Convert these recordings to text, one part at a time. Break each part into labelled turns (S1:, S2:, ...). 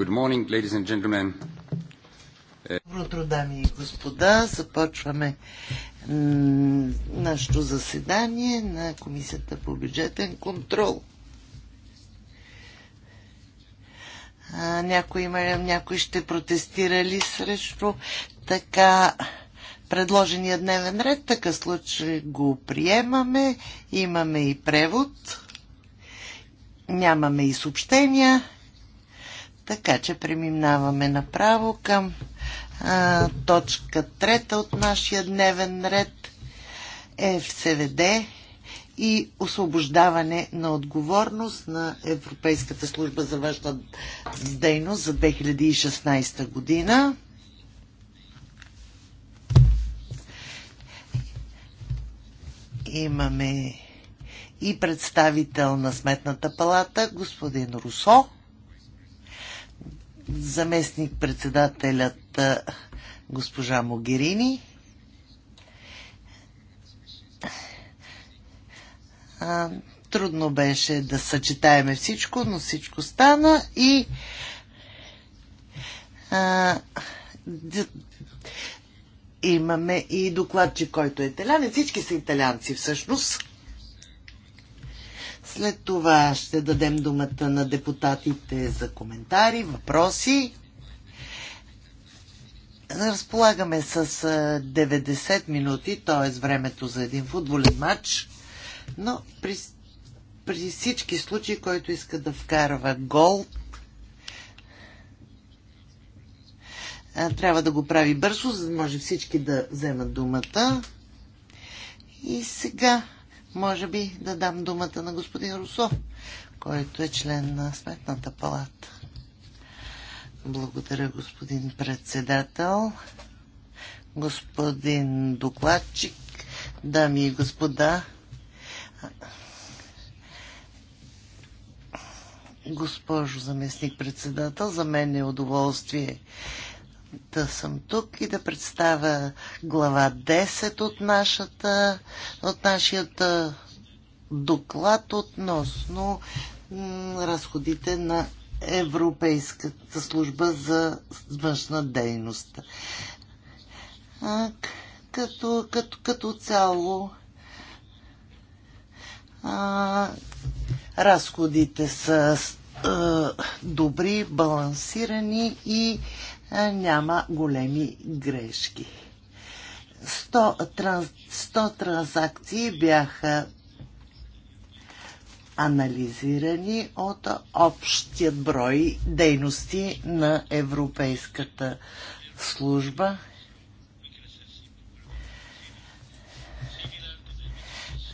S1: Good morning, ladies and gentlemen. Доброто, дами и господа. Започваме нашето заседание на Комисията по бюджетен контрол. А, някой, има, някой ще протестира ли срещу така предложения дневен ред? Така случай го приемаме. Имаме и превод. Нямаме и съобщения. Така че преминаваме направо към а, точка трета от нашия дневен ред ФСВД и освобождаване на отговорност на Европейската служба за външна дейност за 2016 година. Имаме и представител на Сметната палата, господин Русо заместник председателят госпожа Могерини. трудно беше да съчетаеме всичко, но всичко стана и а, имаме и докладчик, който е италянец. Всички са италянци всъщност. След това ще дадем думата на депутатите за коментари, въпроси. Разполагаме с 90 минути, т.е. времето за един футболен матч, но при, при всички случаи, който иска да вкарва гол, трябва да го прави бързо, за да може всички да вземат думата. И сега може би да дам думата на господин Русо, който е член на Сметната палата. Благодаря, господин председател, господин докладчик, дами и господа. Госпожо заместник председател, за мен е удоволствие да съм тук и да представя глава 10 от, нашата, от нашият доклад относно разходите на Европейската служба за външна дейност. А, като, като, като цяло а, разходите са а, добри, балансирани и е, няма големи грешки. 100, транс, 100 транзакции бяха анализирани от общият брой дейности на Европейската служба.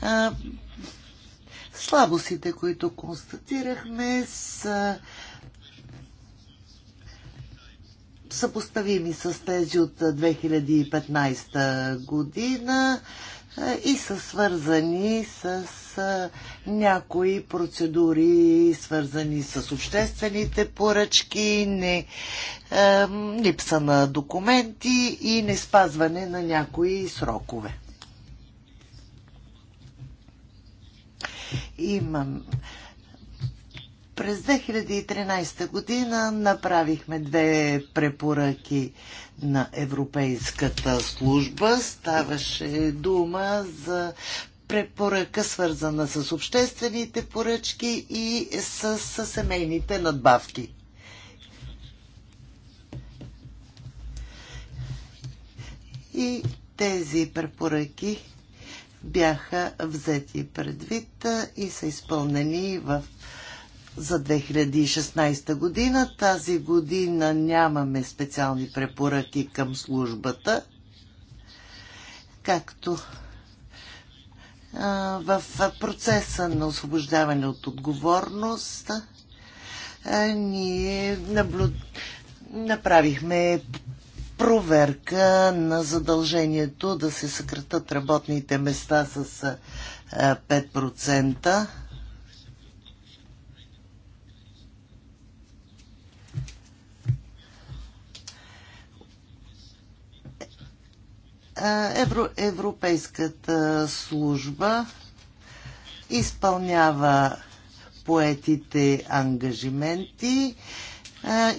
S1: А, е, слабостите, които констатирахме, са съпоставими с тези от 2015 година е, и са свързани с е, някои процедури, свързани с обществените поръчки, не, е, липса на документи и не спазване на някои срокове. Имам през 2013 година направихме две препоръки на Европейската служба. Ставаше дума за препоръка, свързана с обществените поръчки и с, с семейните надбавки. И тези препоръки бяха взети предвид и са изпълнени в за 2016 година. Тази година нямаме специални препоръки към службата, както в процеса на освобождаване от отговорност ние направихме проверка на задължението да се съкратат работните места с 5%. Евро, Европейската служба изпълнява поетите ангажименти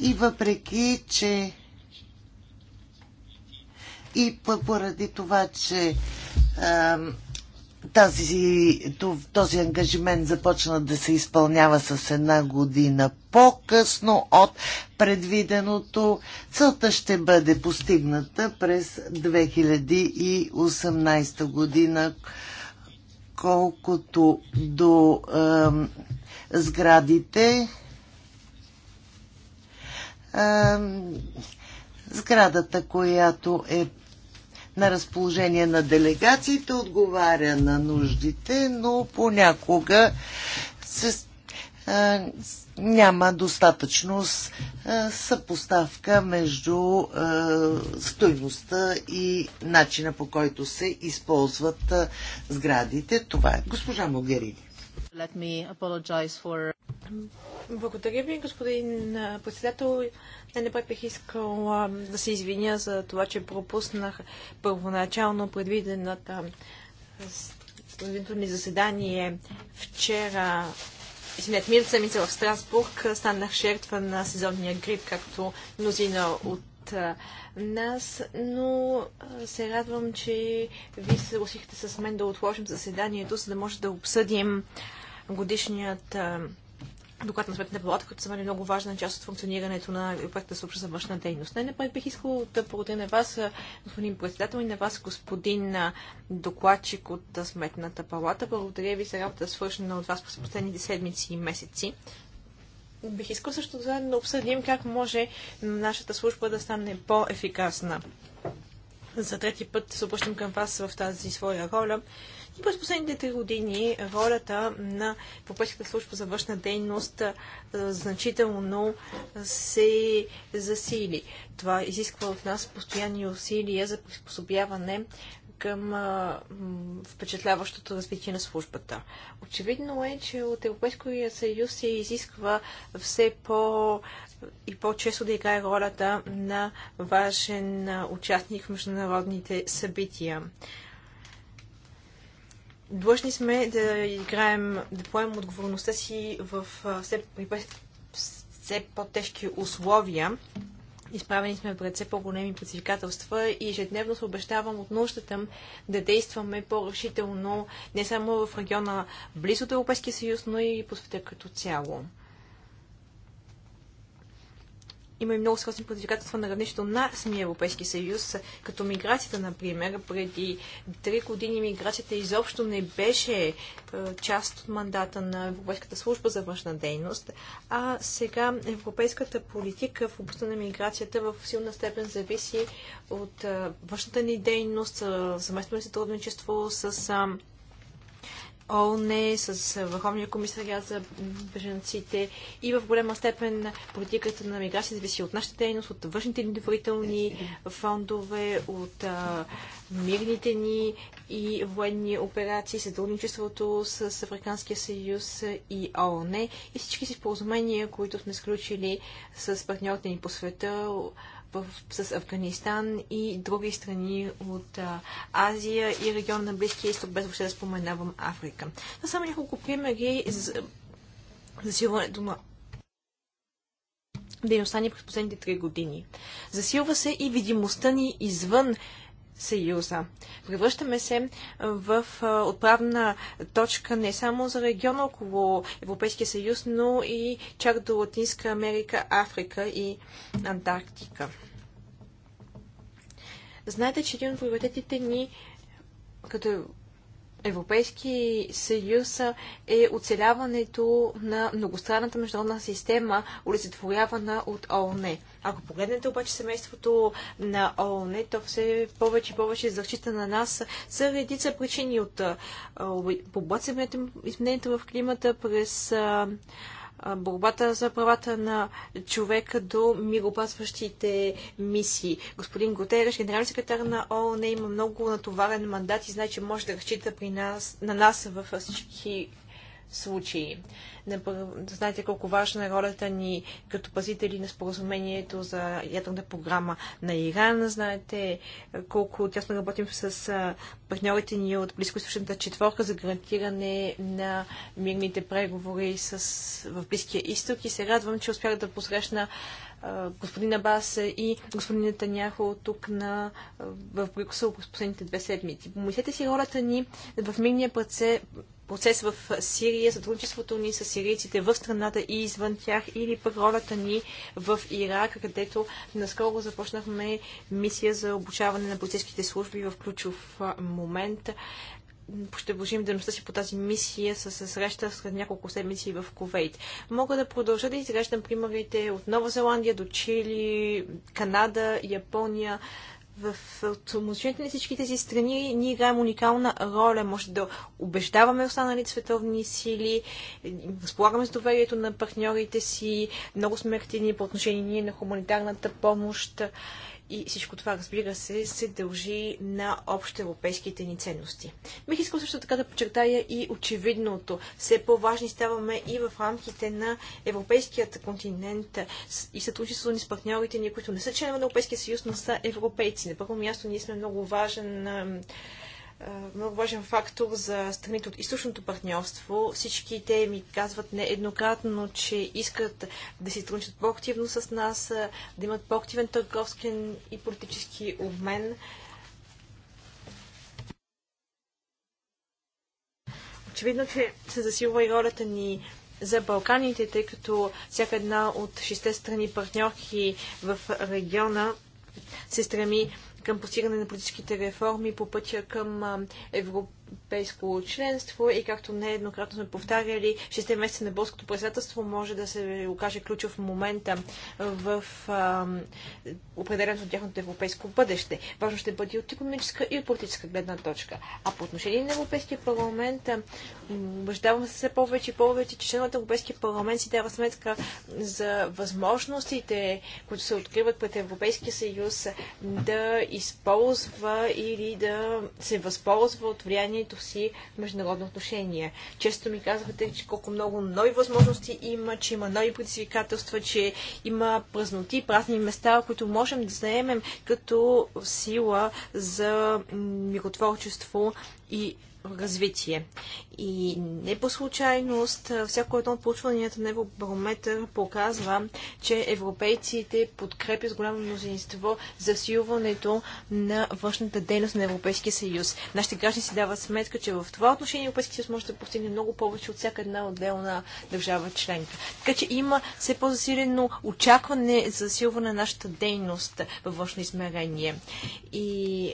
S1: и въпреки, че и поради това, че тази, този ангажимент започна да се изпълнява с една година по-късно от предвиденото. Целта ще бъде постигната през 2018 година, колкото до е, сградите. Е, сградата, която е на разположение на делегациите, отговаря на нуждите, но понякога се, а, няма достатъчно а, съпоставка между а, стойността и начина по който се използват а, сградите. Това е госпожа Могерини. For...
S2: Благодаря ви, господин председател. НДП бих искал а, да се извиня за това, че пропуснах първоначално предвидената ни заседание вчера. Извинете, миналата в Страсбург станах жертва на сезонния грип, както мнозина от а, нас, но а, се радвам, че ви се съгласихте с мен да отложим заседанието, за да може да обсъдим годишният доклад на Сметната палата, като за мен е много важна част от функционирането на проекта с обща външна дейност. Не, напред бих искал да благодаря на вас, господин председател, и на вас, господин докладчик от Сметната палата. Благодаря ви за работа, свършена от вас през последните седмици и месеци. Бих искал също да, да обсъдим как може нашата служба да стане по-ефикасна. За трети път се обръщам към вас в тази своя роля и през последните три години ролята на Европейската служба за външна дейност значително се засили. Това изисква от нас постоянни усилия за приспособяване към впечатляващото развитие на службата. Очевидно е, че от Европейския съюз се изисква все по- и по-често да играе ролята на важен участник в международните събития. Длъжни сме да играем, да поемем отговорността си в все, все по-тежки условия. Изправени сме пред все по-големи предизвикателства и ежедневно се обещавам от нуждата да действаме по-решително не само в региона близо до Европейския съюз, но и по света като цяло има и много сериозни предизвикателства на равнището на самия Европейски съюз, като миграцията, например. Преди три години миграцията изобщо не беше е, част от мандата на Европейската служба за външна дейност, а сега европейската политика в областта на миграцията в силна степен зависи от е, външната ни дейност, е, съвместно сътрудничество с ООН, е с Върховния комисаря за беженците и в голяма степен политиката на миграция зависи от нашата дейност, от външните ни доверителни фондове, от а, мирните ни и военни операции, сътрудничеството с Африканския съюз и ООН и всички си споразумения, които сме сключили с партньорите ни по света, в, с Афганистан и други страни от а, Азия и региона на Близкия изток, без въобще да споменавам Африка. Това само няколко примери за засилването на дейността ни през последните три години. Засилва се и видимостта ни извън Съюза. Превръщаме се в отправна точка не само за региона около Европейския съюз, но и чак до Латинска Америка, Африка и Антарктика. Знаете, че един от приоритетите ни като Европейски съюз е оцеляването на многостранната международна система, олицетворявана от ООН. Ако погледнете обаче семейството на ООН, то все повече и повече е защита на нас за редица причини от побърцането изменението в климата през борбата за правата на човека до миропасващите мисии. Господин Готереш, генерален секретар на ООН, има много натоварен мандат и знае, че може да разчита при нас, на нас във всички случаи. Знаете колко важна е ролята ни като пазители на споразумението за ядрената програма на Иран. Знаете е, колко тясно работим с партньорите ни от Близко източната четворка за гарантиране на мирните преговори с... в Близкия изток. И се радвам, че успях да посрещна господин Абас и господин Таняхо тук на, в Брюксел през последните две седмици. Помислете си ролята ни в мирния процес, процес в Сирия, сътрудничеството ни с сирийците в страната и извън тях, или пък ролята ни в Ирак, където наскоро започнахме мисия за обучаване на полицейските служби в ключов момент. Ще вложим дейността си по тази мисия с среща след няколко седмици в Ковейт. Мога да продължа да изреждам примерите от Нова Зеландия до Чили, Канада, Япония, в отношението на всички тези страни ние играем уникална роля. Може да убеждаваме останали световни сили, разполагаме с доверието на партньорите си, много сме активни по отношение на хуманитарната помощ и всичко това, разбира се, се дължи на общо европейските ни ценности. Бих искал също така да подчертая и очевидното. Все по-важни ставаме и в рамките на европейският континент и сътрудничеството ни с партньорите ни, които не са членове на Европейския съюз, но са европейци. На първо място ние сме много важен е, много важен фактор за страните от източното партньорство. Всички те ми казват нееднократно, че искат да си трънчат по-активно с нас, е, да имат по-активен търговски и политически обмен. Очевидно, че се засилва и ролята ни за Балканите, тъй като всяка една от шесте страни партньорки в региона се стреми към постигане на политическите реформи по пътя към Европа европейско членство и както нееднократно сме повтаряли, 6 месеца на българското председателство може да се окаже ключов момента в определеното от тяхното европейско бъдеще. Важно ще бъде от економическа и от политическа гледна точка. А по отношение на Европейския парламент, убеждавам се все повече и повече, че членовете на Европейския парламент си дава сметка за възможностите, които се откриват пред Европейския съюз да използва или да се възползва от влияние ежедневието си международно отношение. Често ми казвате, че колко много нови възможности има, че има нови предизвикателства, че има празноти, празни места, които можем да заемем като сила за миротворчество и развитие. И не по случайност, всяко едно от получванията на Евробарометър показва, че европейците подкрепят голямо мнозинство засилването на външната дейност на Европейския съюз. Нашите граждани си дават сметка, че в това отношение Европейския съюз може да постигне много повече от всяка една отделна държава членка. Така че има все по-засилено очакване за засилване на нашата дейност във външно измерение. И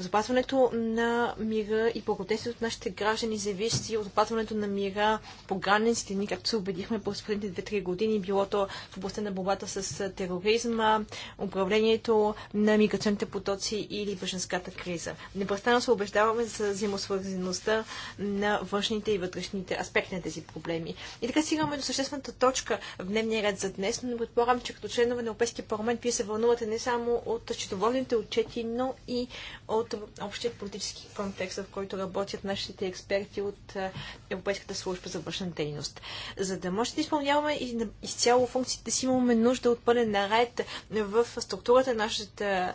S2: запазването на мира и благодействието от нашите граждани зависи от запазването на мира по границите ни, както се убедихме през последните 2-3 години, било то в областта на борбата с тероризма, управлението на миграционните потоци или външенската криза. Непрестанно се убеждаваме за взаимосвързаността на външните и вътрешните аспекти на тези проблеми. И така стигаме до съществената точка в дневния ред за днес, но предполагам, че като членове на Европейския парламент вие се вълнувате не само от счетоводните отчети, но и от общия политически контекст, в който работят нашите експерти от е, Европейската служба за външна дейност. За да може да изпълняваме изцяло функциите си, имаме нужда от пълен наред в структурата на нашата е,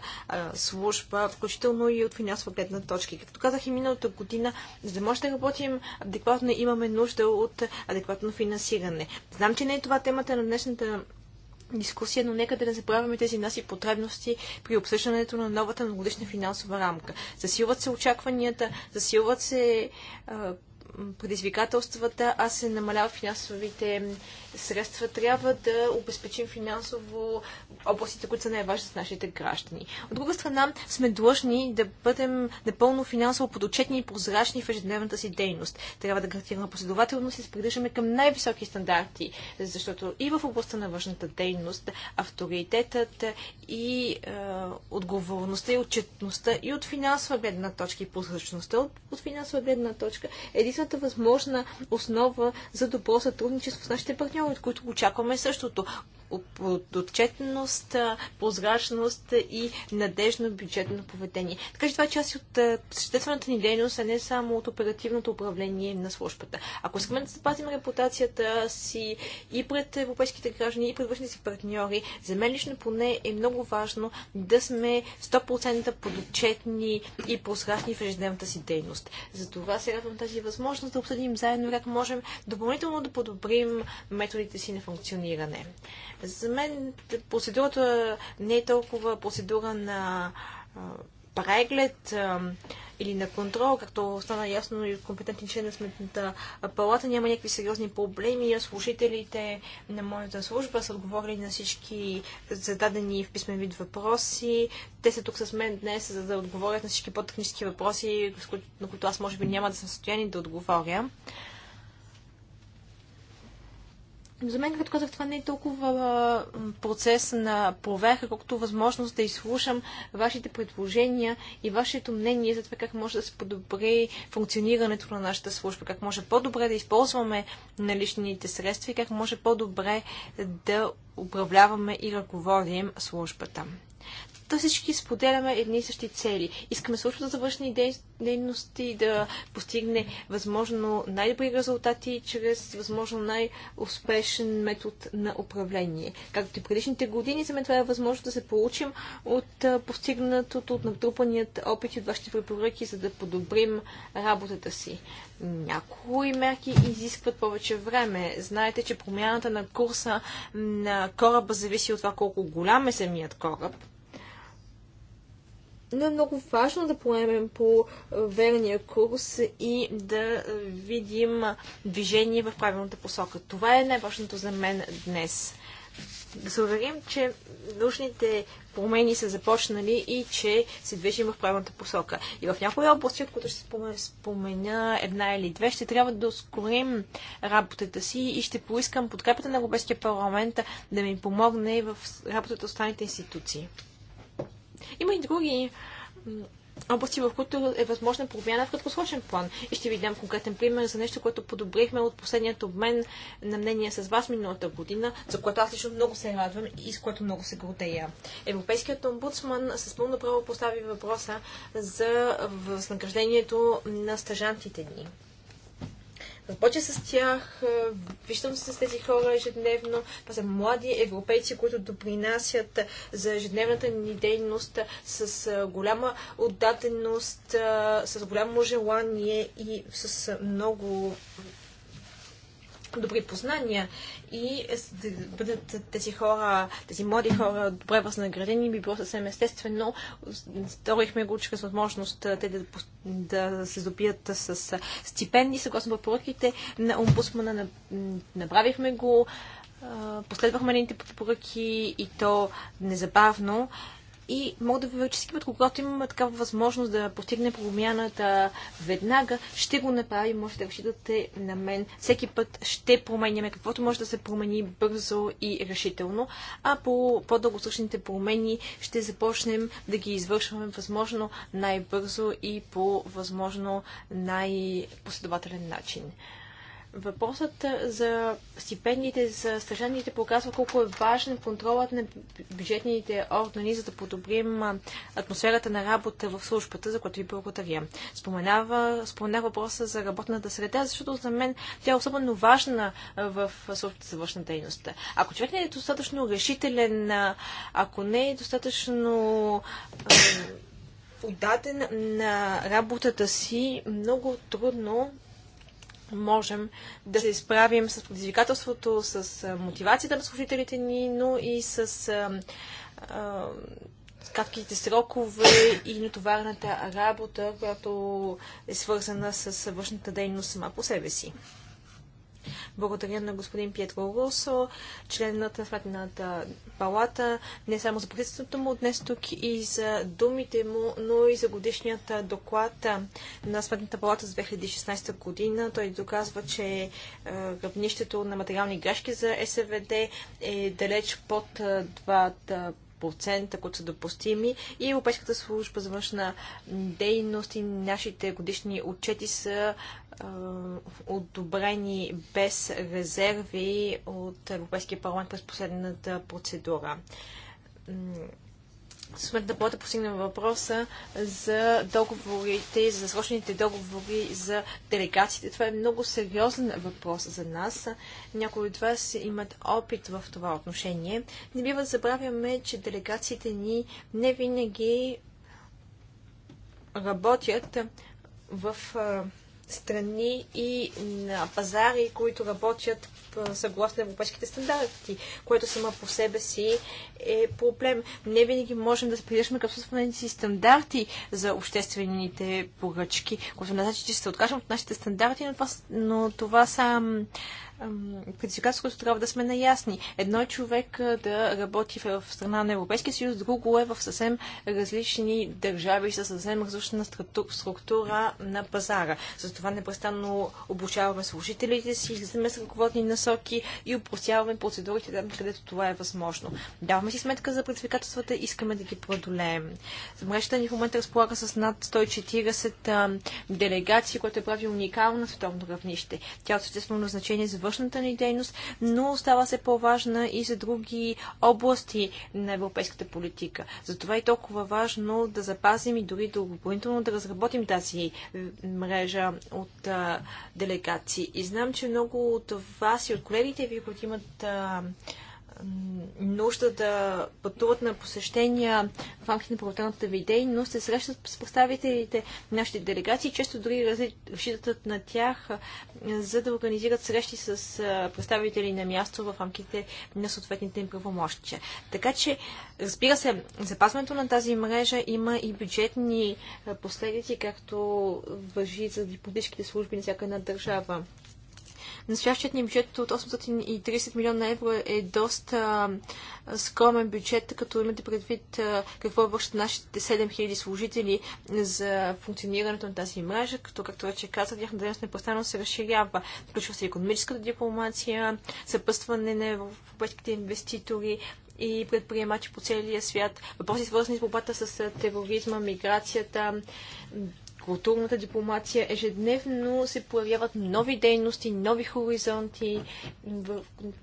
S2: служба, включително и от финансова гледна точка. Както казах и миналата година, за да може да работим адекватно, имаме нужда от адекватно финансиране. Знам, че не е това темата на днешната дискусия, но нека да не забравяме тези наси потребности при обсъждането на новата многодишна финансова рамка. Засилват се очакванията, засилват се предизвикателствата, а се намаляват финансовите средства, трябва да обезпечим финансово областите, които са най-важни с нашите граждани. От друга страна, сме длъжни да бъдем напълно финансово подотчетни и прозрачни в ежедневната си дейност. Трябва да гарантираме последователност и се придържаме към най-високи стандарти, защото и в областта на външната дейност авторитетът и е, отговорността и отчетността и от финансова гледна точка и прозрачността от, от финансова гледна точка е единствената възможна основа за добро сътрудничество с нашите партньори от които очакваме същото отчетност, прозрачност и надежно бюджетно поведение. Така че това е част от съществената ни дейност, а не само от оперативното управление на службата. Ако искаме да запазим репутацията си и пред европейските граждани, и пред външните си партньори, за мен лично поне е много важно да сме 100% подотчетни и прозрачни в ежедневната си дейност. Затова се радвам тази възможност да обсъдим заедно как можем допълнително да подобрим методите си на функциониране. За мен процедурата не е толкова процедура на преглед или на контрол, както стана ясно и компетентни член на сметната палата, няма някакви сериозни проблеми. Служителите на моята служба са отговорили на всички зададени в писмен вид въпроси. Те са тук с мен днес, за да отговорят на всички по-технически въпроси, на които аз може би няма да съм състояние да отговоря. За мен, като казах, това не е толкова процес на проверка, колкото възможност да изслушам вашите предложения и вашето мнение за това как може да се подобри функционирането на нашата служба, как може по-добре да използваме наличните средства и как може по-добре да управляваме и ръководим службата да всички споделяме едни и същи цели. Искаме също да завършни дейности да постигне възможно най-добри резултати чрез възможно най-успешен метод на управление. Както и предишните години, за мен това е възможно да се получим от постигнатото, от натрупаният опит и от вашите препоръки, за да подобрим работата си. Някои мерки изискват повече време. Знаете, че промяната на курса на кораба зависи от това колко голям е самият кораб но е много важно да поемем по верния курс и да видим движение в правилната посока. Това е най-важното за мен днес. Да се уверим, че нужните промени са започнали и че се движим в правилната посока. И в някои области, от които ще спомена една или две, ще трябва да ускорим работата си и ще поискам подкрепата на Европейския парламент да ми помогне в работата останалите институции. Има и други области, в които е възможна промяна в краткосрочен план. И ще ви дам конкретен пример за нещо, което подобрихме от последният обмен на мнение с вас миналата година, за което аз лично много се радвам и с което много се гордея. Европейският омбудсман с пълно право постави въпроса за възнаграждението на стажантите ни. Работя с тях, е, виждам се с тези хора ежедневно. Това са млади европейци, които допринасят за ежедневната ни дейност с е, голяма отдаденост, е, с голямо желание и с много добри познания и да бъдат тези хора, тези млади хора добре възнаградени, би било съвсем естествено. Сторихме го чрез възможност те да, да се добият с стипендии, съгласно препоръките на омбусмана. Направихме го, последвахме нените препоръки и то незабавно и мога да ви че всеки път, когато имаме такава възможност да постигне промяната веднага, ще го направим, може да разчитате на мен. Всеки път ще променяме каквото може да се промени бързо и решително, а по по-дългосрочните промени ще започнем да ги извършваме възможно най-бързо и по възможно най-последователен начин. Въпросът за стипендиите за стъжаните показва колко е важен контролът на бюджетните органи, за да подобрим атмосферата на работа в службата, за което ви благодаря. Споменава, споменах въпроса за работната среда, защото за мен тя е особено важна в службата за външна дейност. Ако човек не е достатъчно решителен, ако не е достатъчно отдаден на работата си, много трудно можем да се справим с предизвикателството, с мотивацията на служителите ни, но и с а, а, кратките срокове и натоварната работа, която е свързана с външната дейност сама по себе си. Благодаря на господин Пьетро Русо, членът на Сметната палата, не само за присъствието му днес тук и за думите му, но и за годишният доклад на Сметната палата за 2016 година. Той доказва, че гръбнището е, на материални грешки за СВД е далеч под 2%. Е, процента, които са допустими. И Европейската служба за външна дейност и нашите годишни отчети са одобрени без резерви от Европейския парламент през последната процедура да бъде постигна въпроса за договорите, за срочните договори за делегациите. Това е много сериозен въпрос за нас. Някои от вас имат опит в това отношение. Не бива да забравяме, че делегациите ни не винаги работят в страни и на пазари, които работят съгласно европейските стандарти, което сама по себе си е проблем. Не винаги можем да се придържаме към собствените си стандарти за обществените поръчки, което значи, че ще се откажем от нашите стандарти, но това, но това са предизвикателството трябва да сме наясни. Едно е човек да работи в страна на Европейския съюз, друго е в съвсем различни държави, със съвсем различна структура на пазара. Затова непрестанно обучаваме служителите си, излизаме с ръководни насоки и упростяваме процедурите там, където това е възможно. Даваме си сметка за предизвикателствата, искаме да ги преодолеем. Мрежата ни в момента разполага с над 140 делегации, което е прави уникално на световно равнище. Тя е от съществено значение за външната ни дейност, но става се по-важна и за други области на европейската политика. Затова е толкова важно да запазим и дори допълнително да разработим тази е, мрежа от а, е, делегации. И знам, че много от вас и от колегите ви, които имат а, е, нужда да пътуват на посещения в рамките на правителната ви но се срещат с представителите на нашите делегации, често дори разчитат на тях, за да организират срещи с представители на място в рамките на съответните им правомощия. Така че, разбира се, запазването на тази мрежа има и бюджетни последици, както въжи за дипломатическите служби на всяка една държава. Настоящият ни бюджет от 830 милиона евро е доста скромен бюджет, като имате предвид какво вършат нашите 7000 служители за функционирането на тази мрежа, като, както вече казах, тяхната дейност непрестанно се разширява. Включва се економическата дипломация, съпъстване на европейските инвеститори, и предприемачи по целия свят. Въпроси свързани с борбата с тероризма, миграцията, културната дипломация. Ежедневно се появяват нови дейности, нови хоризонти,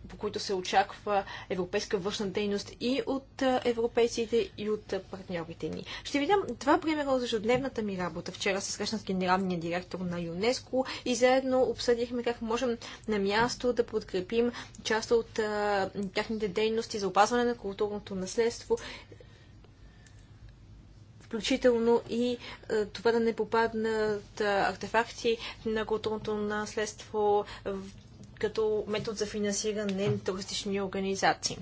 S2: по които се очаква европейска външна дейност и от европейците, и от партньорите ни. Ще ви дам два примера от ежедневната ми работа. Вчера се срещнах с генералния директор на ЮНЕСКО и заедно обсъдихме как можем на място да подкрепим част от а, тяхните дейности за опазване на културното наследство включително и е, това да не попаднат е, артефакти на културното наследство като метод за финансиране на туристични организации.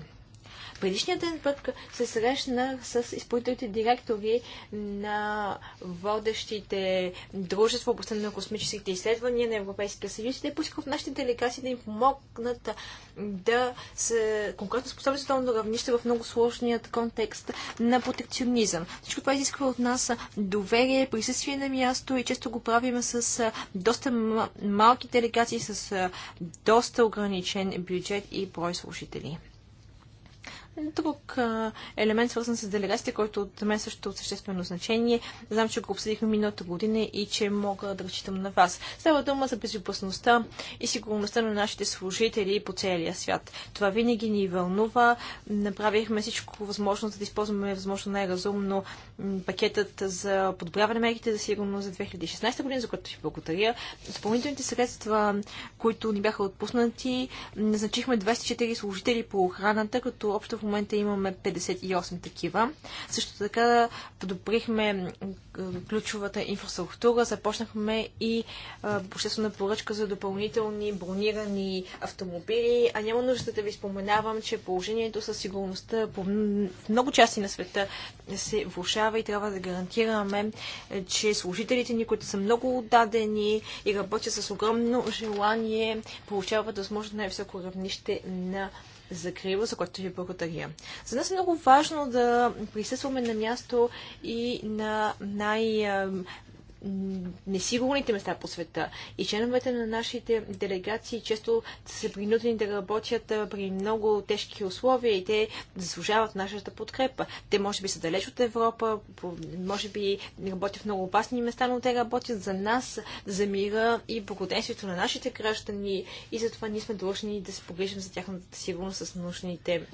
S2: Предишният ден пък се срещнах с изпълнителните директори на водещите дружества в областта на космическите изследвания на Европейския съюз и те поискаха в нашите делегации да им помогнат да се конкретно способни световно равнище в много сложният контекст на протекционизъм. Всичко това изисква от нас доверие, присъствие на място и често го правим с доста малки делегации, с доста ограничен бюджет и брой слушатели друг елемент, свързан с делегацията, който от мен също е от съществено значение. Знам, че го обсъдихме миналата година и че мога да разчитам на вас. Става дума за безопасността и сигурността на нашите служители по целия свят. Това винаги ни вълнува. Направихме всичко възможно, за да използваме възможно най-разумно пакетът за подобряване мерките за сигурност за 2016 година, за което ви благодаря. Допълнителните средства, които ни бяха отпуснати, назначихме 24 служители по охраната, като общо в момента имаме 58 такива. Също така подобрихме ключовата инфраструктура, започнахме и обществена поръчка за допълнителни бронирани автомобили, а няма нужда да ви споменавам, че положението със сигурността по много части на света се влушава и трябва да гарантираме, е, че служителите ни, които са много отдадени и работят с огромно желание, получават възможно най-високо равнище на закрила, за което ви благодаря. За нас е много важно да присъстваме на място и на най- несигурните места по света. И членовете на нашите делегации често са принудени да работят при много тежки условия и те заслужават нашата подкрепа. Те може би са далеч от Европа, може би работят в много опасни места, но те работят за нас, за мира и благоденствието на нашите граждани и затова ние сме длъжни да се погрижим за тяхната сигурност с нужните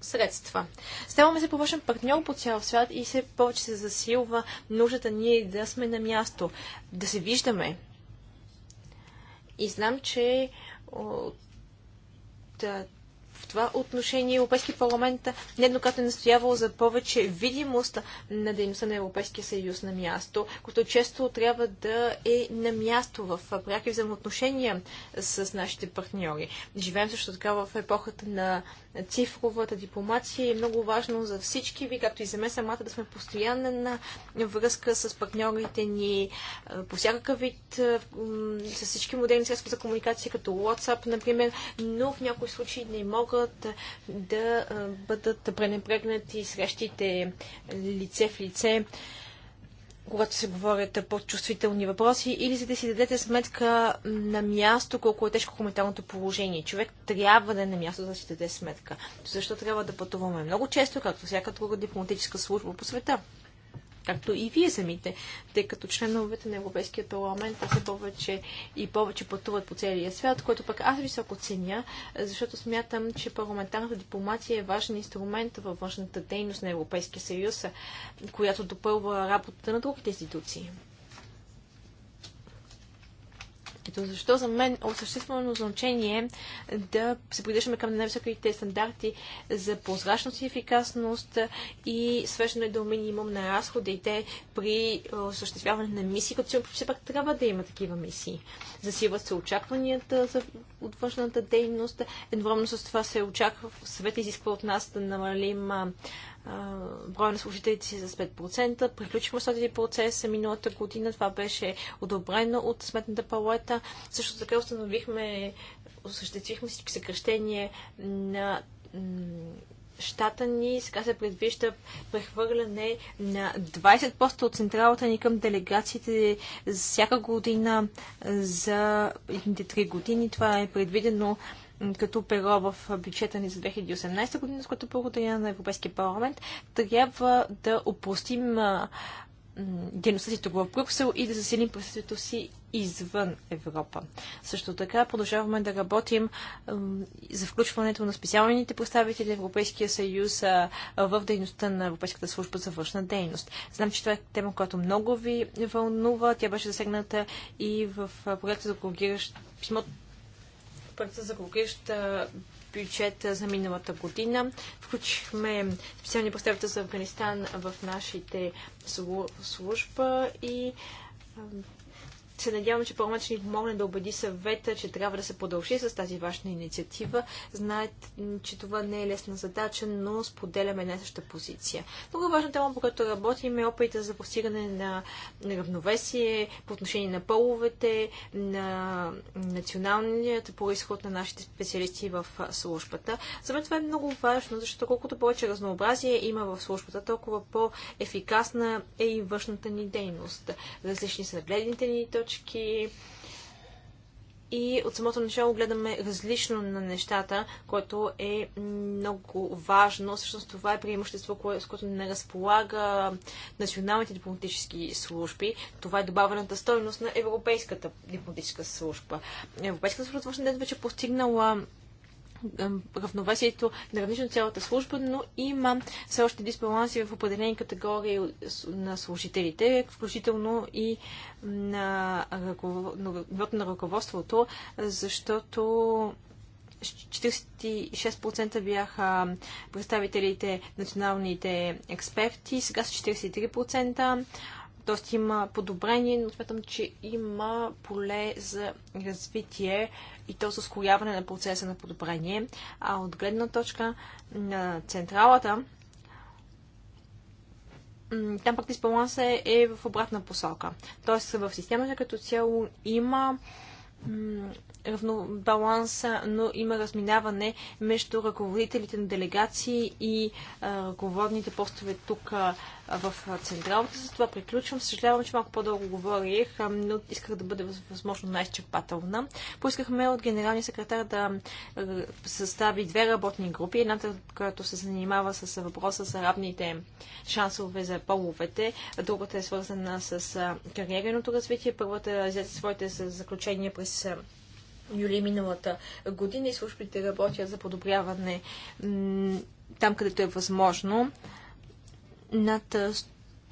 S2: средства. Ставаме се повършен партньор по цял свят и все повече се засилва нуждата ние да сме на място, да се виждаме. И знам, че от в това отношение Европейски парламент нееднократно е настоявал за повече видимост на дейността на Европейския съюз на място, което често трябва да е на място в пряки взаимоотношения с нашите партньори. Живеем също така в епохата на цифровата дипломация и е много важно за всички ви, както и за мен самата, да сме постоянна на връзка с партньорите ни по всякакъв вид, с всички модерни средства за комуникация, като WhatsApp, например, но в някои случаи не могат могат да бъдат пренебрегнати срещите лице в лице когато се говорят по-чувствителни въпроси, или за да си дадете сметка на място колко е тежко коментарното положение. Човек трябва да е на място, за да си даде сметка. Защо трябва да пътуваме много често, както всяка друга дипломатическа служба по света? както и вие самите, тъй като членовете на Европейския парламент все повече и повече пътуват по целия свят, което пък аз високо ценя, защото смятам, че парламентарната дипломация е важен инструмент във външната дейност на Европейския съюз, която допълва работата на другите институции. Ето защо за мен от съществено значение е да се придържаме към най-високите стандарти за прозрачност и ефикасност и е да до минимум на разходите при осъществяване на мисии, като все пак трябва да има такива мисии. Засилват се очакванията за от външната дейност. Едновременно с това се очаква, съвет изисква от нас да намалим броя на служителите си за е 5%. Приключихме с този процес миналата година. Това беше одобрено от Сметната палата. Също така установихме, осъществихме всички съкрещения на щата ни. Сега се предвижда прехвърляне на 20 от централата ни към делегациите за всяка година за едните 3 години. Това е предвидено като перо в бюджета ни за 2018 година, с което благодаря на Европейския парламент, трябва да опустим дейността си тук в Бруксел и да засилим присъствието си извън Европа. Също така продължаваме да работим за включването на специалните представители на Европейския съюз в дейността на Европейската служба за външна дейност. Знам, че това е тема, която много ви вълнува. Тя беше засегната и в проекта за коригиращ писмото проекта за коригиращ бюджет за миналата година. Включихме специални представители за Афганистан в нашите служба и се надявам, че парламент ще ни помогне да убеди съвета, че трябва да се продължи с тази важна инициатива. Знаете, че това не е лесна задача, но споделяме една съща позиция. Много важна тема, по която работим е опита за постигане на равновесие по отношение на половете, на националният происход на нашите специалисти в службата. За мен това е много важно, защото колкото повече разнообразие има в службата, толкова по-ефикасна е и външната ни дейност. Различни са гледните ни точки, поръчки. И от самото начало гледаме различно на нещата, което е много важно. Всъщност това е преимущество, с което не разполага националните дипломатически служби. Това е добавената стойност на Европейската дипломатическа служба. Европейската служба външна вече е постигнала равновесието на равнично цялата служба, но има все още дисбаланси в определени категории на служителите, включително и на ръководството на ръководството, защото 46% бяха представителите националните експерти, сега са 43%, Тоест има подобрение, но смятам, че има поле за развитие и то с ускоряване на процеса на подобрение. А от гледна точка на централата, там пък дисбаланса е в обратна посока. Тоест в системата като цяло има равнобаланса, но има разминаване между ръководителите на делегации и ръководните постове тук а, в централата. това приключвам. Съжалявам, че малко по-дълго говорих, но исках да бъде възможно най-изчерпателна. Поискахме от генералния секретар да състави две работни групи. Едната, която се занимава с въпроса за равните шансове за половете, другата е свързана с кариерното развитие. Първата взе своите заключения през юли миналата година и службите работят за подобряване там, където е възможно. Над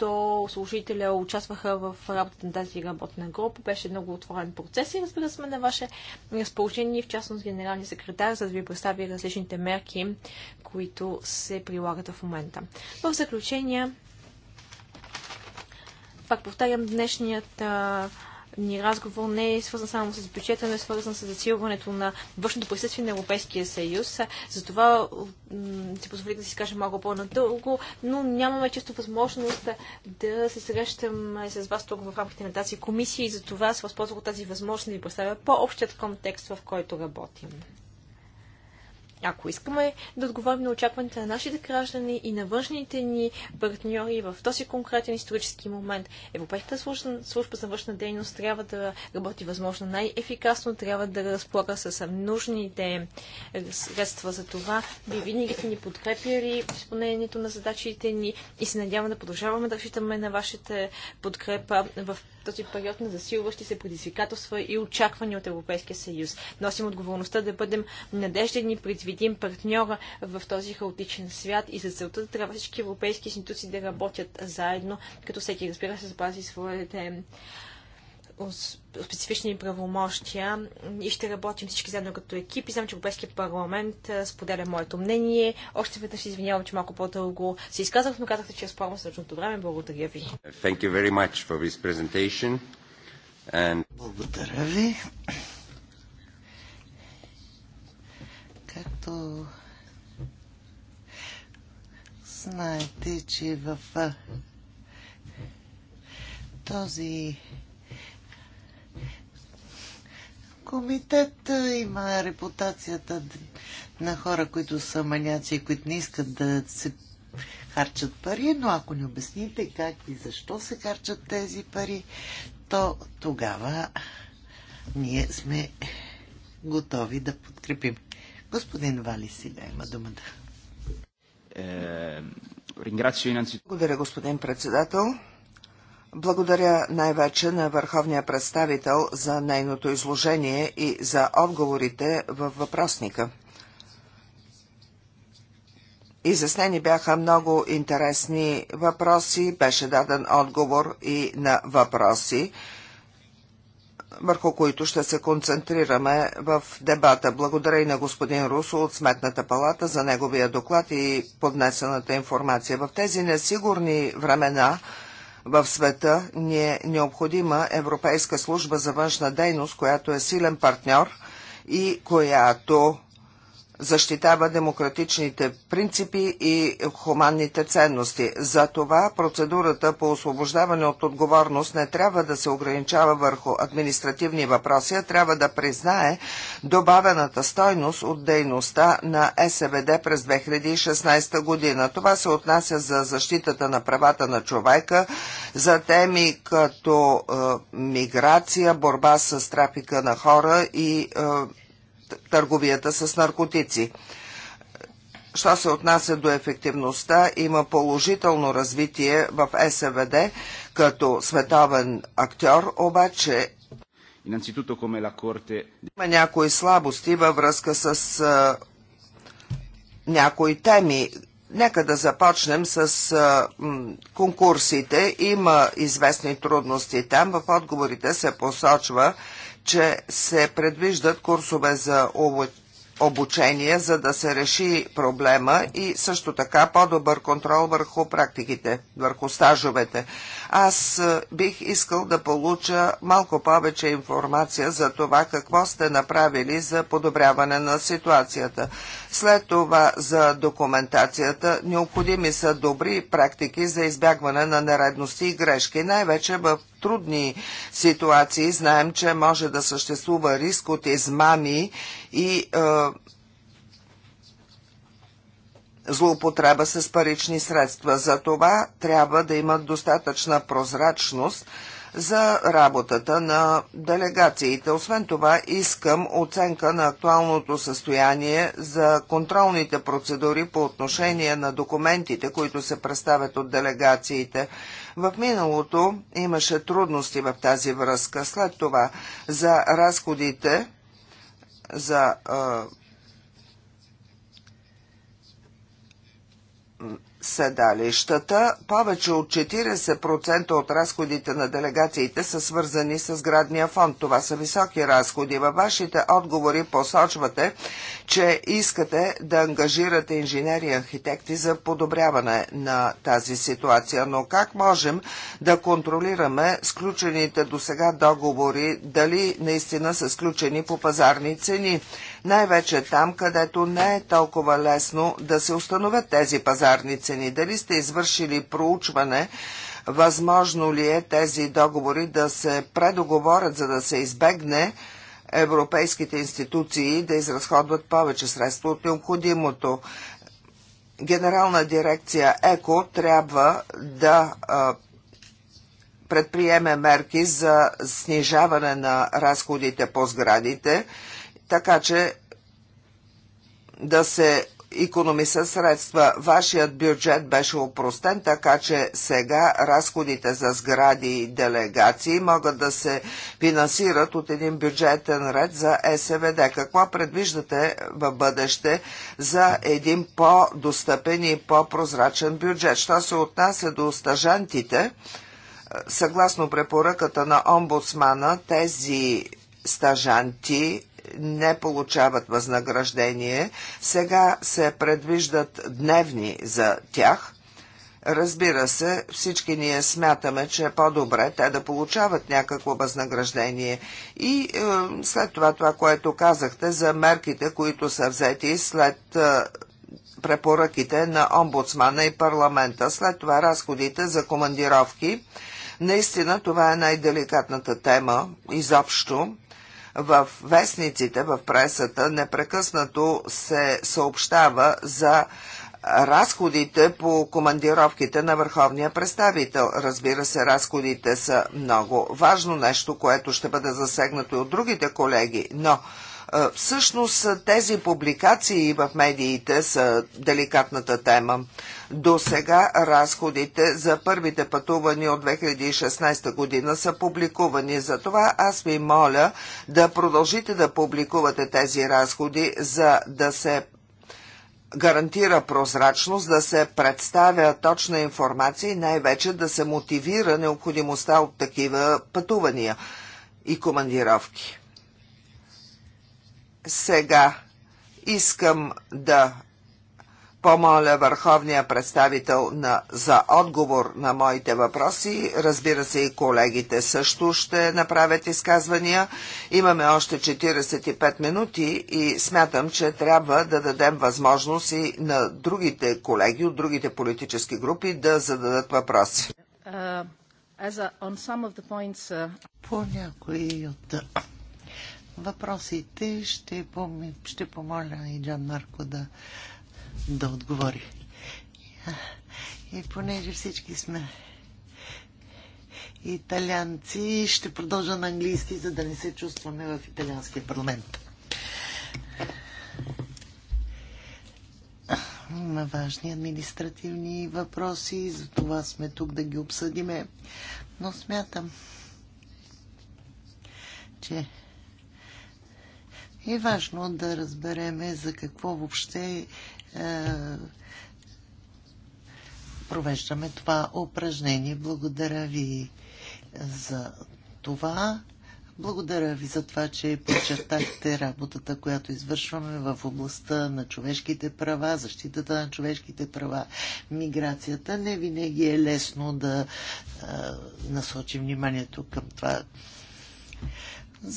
S2: 100 служителя участваха в работата на тази работна група. Беше много отворен процес и разбира сме на ваше разположение, в частност генералния секретар, за да ви представи различните мерки, които се прилагат в момента. В заключение, пак повтарям, днешният а, ни разговор не е свързан само с бюджета, но е свързан с засилването на външното присъствие на Европейския съюз. Затова си позволих да си кажа малко по-надълго, но нямаме често възможност да, да се срещаме с вас тук в рамките на тази комисия и затова се възползвах от тази възможност да ви представя по-общият контекст, в който работим. Ако искаме да отговорим на очакването на нашите граждани и на външните ни партньори в този конкретен исторически момент, Европейската служба, служба за външна дейност трябва да работи възможно най-ефикасно, трябва да разполага с нужните средства за това. би винаги сте ни подкрепили в изпълнението на задачите ни и се надявам да продължаваме да считаме на вашата подкрепа в този период на засилващи се предизвикателства и очаквания от Европейския съюз. Носим отговорността да бъдем надежден и предвидим партньора в този хаотичен свят и за целта да трябва всички европейски институции да работят заедно, като всеки разбира се запази своите специфични правомощия и ще работим всички заедно като екип. И знам, че Европейския парламент споделя моето мнение. Още веднъж извинявам, че малко по-дълго се изказах, но казахте, че разполагам е същото време. Благодаря ви.
S3: Thank you very much for this presentation. And...
S1: Благодаря ви. Както знаете, че в този комитет има репутацията на хора, които са маняци и които не искат да се харчат пари, но ако ни обясните как и защо се харчат тези пари, то тогава ние сме готови да подкрепим. Господин Вали сега има думата.
S3: Е, Благодаря, господин председател. Благодаря най-вече на върховния представител за нейното изложение и за отговорите във въпросника. Изяснени бяха много интересни въпроси, беше даден отговор и на въпроси, върху които ще се концентрираме в дебата. Благодаря и на господин Русо от Сметната палата за неговия доклад и поднесената информация. В тези несигурни времена – в света ни е необходима Европейска служба за външна дейност, която е силен партньор и която защитава демократичните принципи и хуманните ценности. Затова процедурата по освобождаване от отговорност не трябва да се ограничава върху административни въпроси, а трябва да признае добавената стойност от дейността на СВД през 2016 година. Това се отнася за защитата на правата на човека, за теми като е, миграция, борба с трафика на хора и е, търговията с наркотици. Що се отнася до ефективността, има положително развитие в СВД като световен актьор, обаче има някои слабости във връзка с а, някои теми. Нека да започнем с а, м, конкурсите. Има известни трудности там. В отговорите се посочва, че се предвиждат курсове за обучение, за да се реши проблема и също така по-добър контрол върху практиките, върху стажовете. Аз бих искал да получа малко повече информация за това какво сте направили за подобряване на ситуацията. След това за документацията необходими са добри практики за избягване на нередности и грешки, най-вече в трудни ситуации. Знаем, че може да съществува риск от измами и е, злоупотреба с парични средства. За това трябва да имат достатъчна прозрачност за работата на делегациите. Освен това, искам оценка на актуалното състояние за контролните процедури по отношение на документите, които се представят от делегациите. В миналото имаше трудности в тази връзка. След това за разходите за седалищата. Повече от 40% от разходите на делегациите са свързани с градния фонд. Това са високи разходи. Във вашите отговори посочвате, че искате да ангажирате инженери и архитекти за подобряване на тази ситуация. Но как можем да контролираме сключените до сега договори, дали наистина са сключени по пазарни цени? най-вече там, където не е толкова лесно да се установят тези пазарни цени. Дали сте извършили проучване, възможно ли е тези договори да се предоговорят, за да се избегне европейските институции да изразходват повече средства от необходимото. Генерална дирекция ЕКО трябва да предприеме мерки за снижаване на разходите по сградите така че да се економиса средства. Вашият бюджет беше упростен, така че сега разходите за сгради и делегации могат да се финансират от един бюджетен ред за СВД. Какво предвиждате в бъдеще за един по-достъпен и по-прозрачен бюджет? Що се отнася до стажантите, съгласно препоръката на омбудсмана, тези стажанти не получават възнаграждение. Сега се предвиждат дневни за тях. Разбира се, всички ние смятаме, че е по-добре те да получават някакво възнаграждение. И е, след това това, което казахте за мерките, които са взети след е, препоръките на омбудсмана и парламента, след това разходите за командировки. Наистина това е най-деликатната тема изобщо. В вестниците, в пресата непрекъснато се съобщава за разходите по командировките на върховния представител. Разбира се, разходите са много важно нещо, което ще бъде засегнато и от другите колеги, но Всъщност тези публикации в медиите са деликатната тема. До сега разходите за първите пътувания от 2016 година са публикувани. Затова аз ви моля да продължите да публикувате тези разходи, за да се гарантира прозрачност, да се представя точна информация и най-вече да се мотивира необходимостта от такива пътувания и командировки. Сега искам да помоля върховния представител на, за отговор на моите въпроси. Разбира се и колегите също ще направят изказвания. Имаме още 45 минути и смятам, че трябва да дадем възможност и на другите колеги от другите политически групи да зададат въпроси.
S1: Uh, uh, По някои от въпросите ще, пом... ще помоля и Джан Марко да, да отговори. И понеже всички сме италианци, ще продължа на английски, за да не се чувстваме в италианския парламент. На важни административни въпроси, за това сме тук да ги обсъдиме. Но смятам, че е важно да разбереме за какво въобще е, провеждаме това упражнение. Благодаря ви за това. Благодаря ви за това, че подчертахте работата, която извършваме в областта на човешките права, защитата на човешките права, миграцията. Не винаги е лесно да а, е, насочим вниманието към това.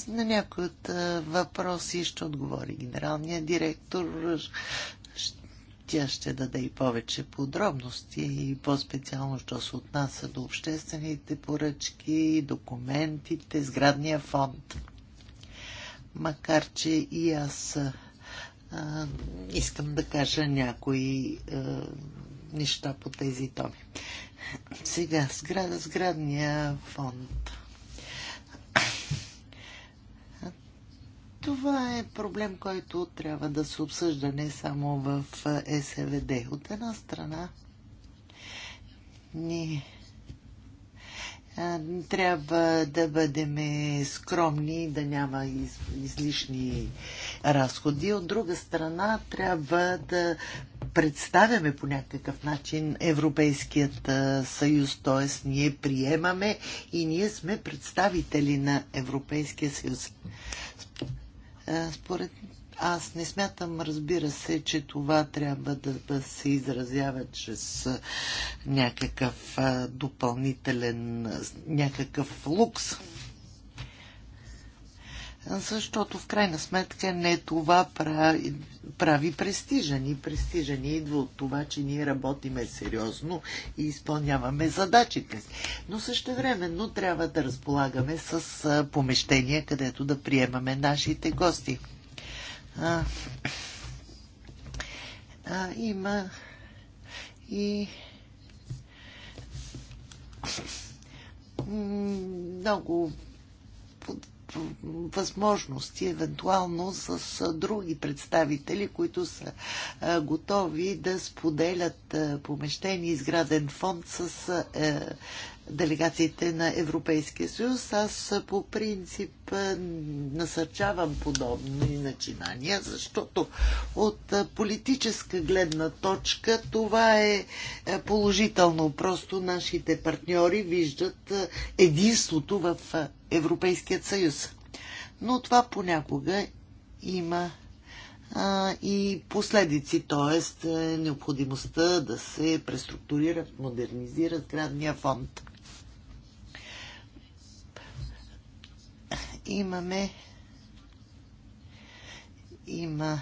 S1: На някои от въпроси ще отговори генералния директор. Тя ще даде и повече подробности и по-специално, що се отнася до обществените поръчки, документите, сградния фонд. Макар, че и аз а, искам да кажа някои а, неща по тези томи. Сега, сграда, сградния фонд. Това е проблем, който трябва да се обсъжда не само в е, СВД. Е От една страна, ние трябва да бъдем скромни, да няма излишни разходи. От друга страна, трябва да представяме по някакъв начин Европейският съюз, т.е. ние приемаме и ние сме представители на Европейския съюз. Е, според аз не смятам, разбира се, че това трябва да, да се изразява чрез е, някакъв е, допълнителен, някакъв лукс защото в крайна сметка не това прави, прави престижа ни. Престижа ни идва от това, че ние работиме сериозно и изпълняваме задачите си. Но същевременно трябва да разполагаме с помещения, където да приемаме нашите гости. А, а, има и много възможности, евентуално с други представители, които са готови да споделят помещение и сграден фонд с делегациите на Европейския съюз. Аз по принцип насърчавам подобни начинания, защото от политическа гледна точка това е, е положително. Просто нашите партньори виждат единството в Европейският съюз. Но това понякога има а, и последици, т.е. необходимостта да се преструктурира, модернизира сградния фонд. имаме има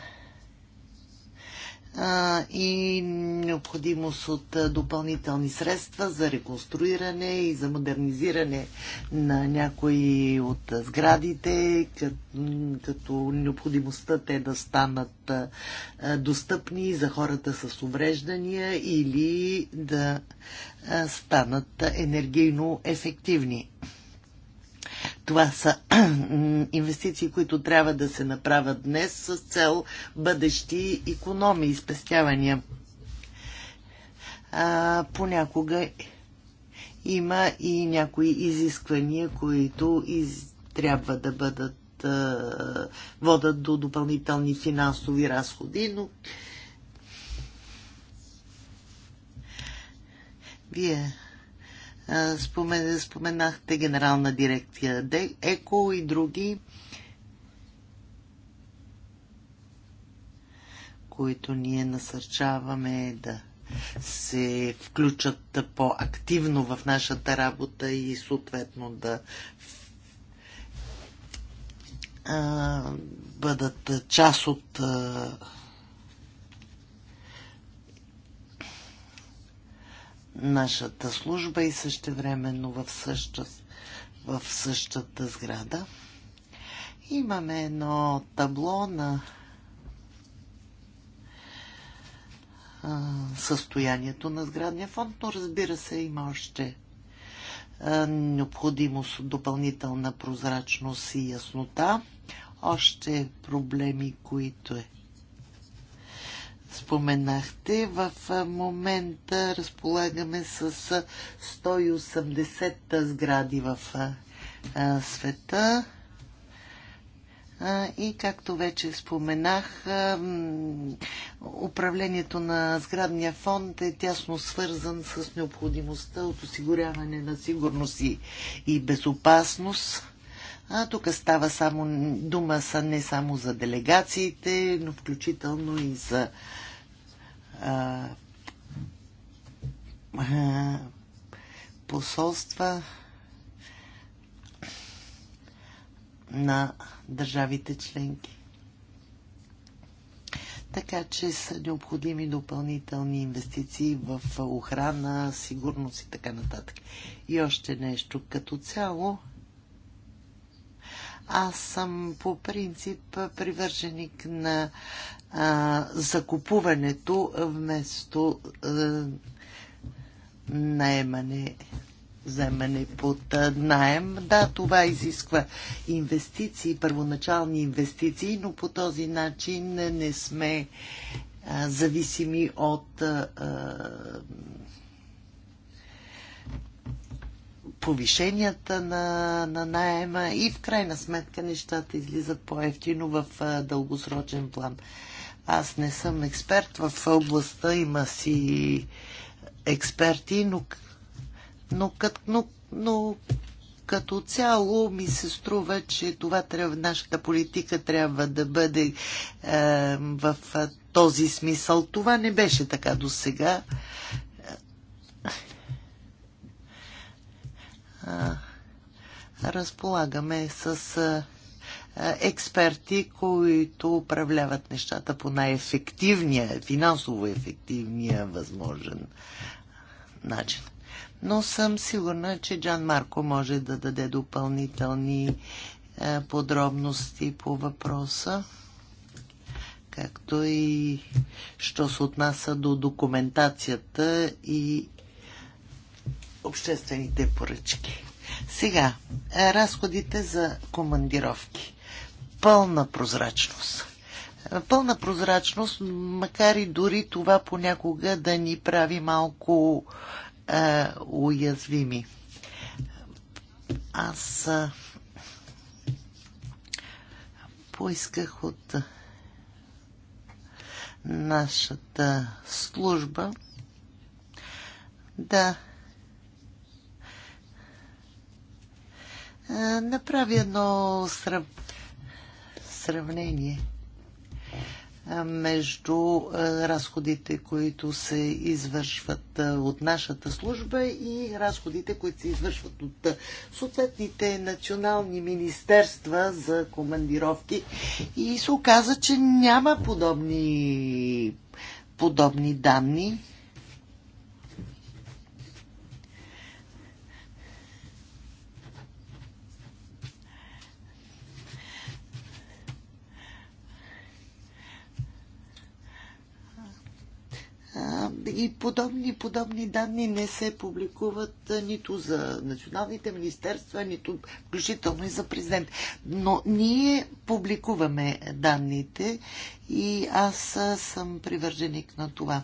S1: а, и необходимост от допълнителни средства за реконструиране и за модернизиране на някои от сградите, като необходимостта те да станат достъпни за хората с увреждания или да станат енергийно ефективни. Това са инвестиции, които трябва да се направят днес с цел бъдещи економии и спестявания. А, понякога има и някои изисквания, които из... трябва да бъдат а, водат до допълнителни финансови разходи, но вие споменахте генерална дирекция ЕКО и други, които ние насърчаваме да се включат по-активно в нашата работа и съответно да бъдат част от нашата служба и същевременно в същата, в същата сграда. Имаме едно табло на състоянието на сградния фонд, но разбира се има още необходимост от допълнителна прозрачност и яснота. Още проблеми, които е споменахте. В момента разполагаме с 180 сгради в света. И както вече споменах, управлението на сградния фонд е тясно свързан с необходимостта от осигуряване на сигурност и безопасност а тук става само дума са не само за делегациите, но включително и за а, а, посолства на държавите членки. Така че са необходими допълнителни инвестиции в охрана, сигурност и така нататък. И още нещо като цяло аз съм по принцип привърженик на а, закупуването вместо а, наемане, вземане под а, наем. Да, това изисква инвестиции, първоначални инвестиции, но по този начин не сме а, зависими от а, повишенията на, на найема и в крайна сметка нещата излизат по-ефтино в дългосрочен план. Аз не съм експерт в областта, има си експерти, но, но, но, но като цяло ми се струва, че това трябва, нашата политика трябва да бъде е, в този смисъл. Това не беше така до сега разполагаме с а, експерти, които управляват нещата по най-ефективния, финансово ефективния възможен начин. Но съм сигурна, че Джан Марко може да даде допълнителни а, подробности по въпроса както и що се отнася до документацията и обществените поръчки. Сега, е, разходите за командировки. Пълна прозрачност. Е, пълна прозрачност, макар и дори това понякога да ни прави малко е, уязвими. Аз е, поисках от нашата служба да направи едно срав... сравнение между разходите, които се извършват от нашата служба и разходите, които се извършват от съответните национални министерства за командировки. И се оказа, че няма подобни, подобни данни. и подобни, подобни данни не се публикуват нито за националните министерства, нито включително и за президент. Но ние публикуваме данните и аз съм привърженик на това.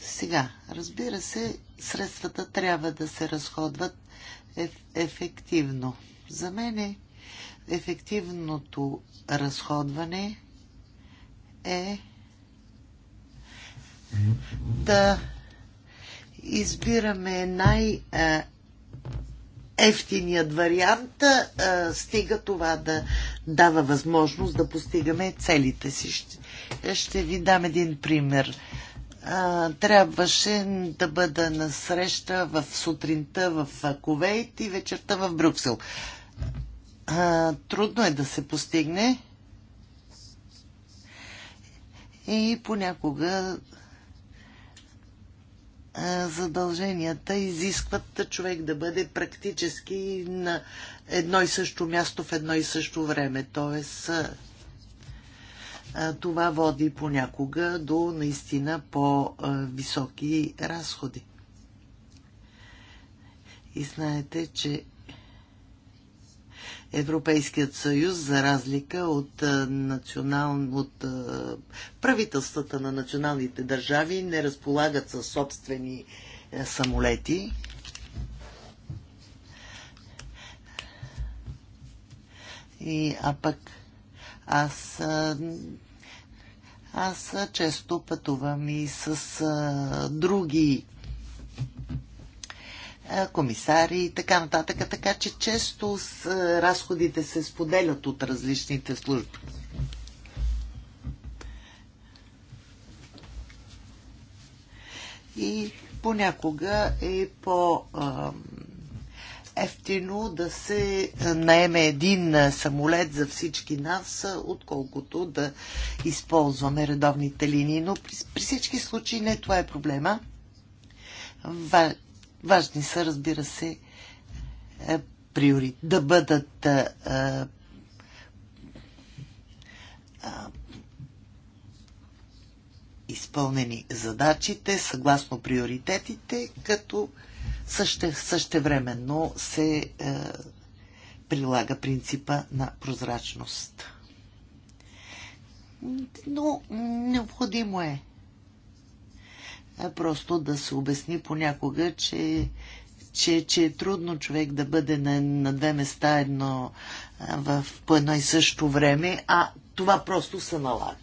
S1: Сега, разбира се, средствата трябва да се разходват еф- ефективно. За мен е ефективното разходване е да избираме най- ефтиният вариант, стига това да дава възможност да постигаме целите си. Ще, ще ви дам един пример. Трябваше да бъда на среща в сутринта в Ковейт и вечерта в Брюксел. Трудно е да се постигне и понякога задълженията изискват човек да бъде практически на едно и също място в едно и също време. Тоест, това води понякога до наистина по-високи разходи. И знаете, че Европейският съюз, за разлика от, национал... от правителствата на националните държави, не разполагат със собствени е, самолети. И, а пък аз аз често пътувам и с а, други комисари и така нататък. Така че често с, разходите се споделят от различните служби. И понякога е по ефтино да се наеме един самолет за всички нас, отколкото да използваме редовните линии. Но при, при всички случаи не това е проблема. Важни са, разбира се, е, приори... да бъдат а, е, а, е, изпълнени задачите съгласно приоритетите, като съще, същевременно се е, прилага принципа на прозрачност. Но необходимо е просто да се обясни понякога, че, че, че е трудно човек да бъде на, на две места едно, в, по едно и също време, а това просто се налага.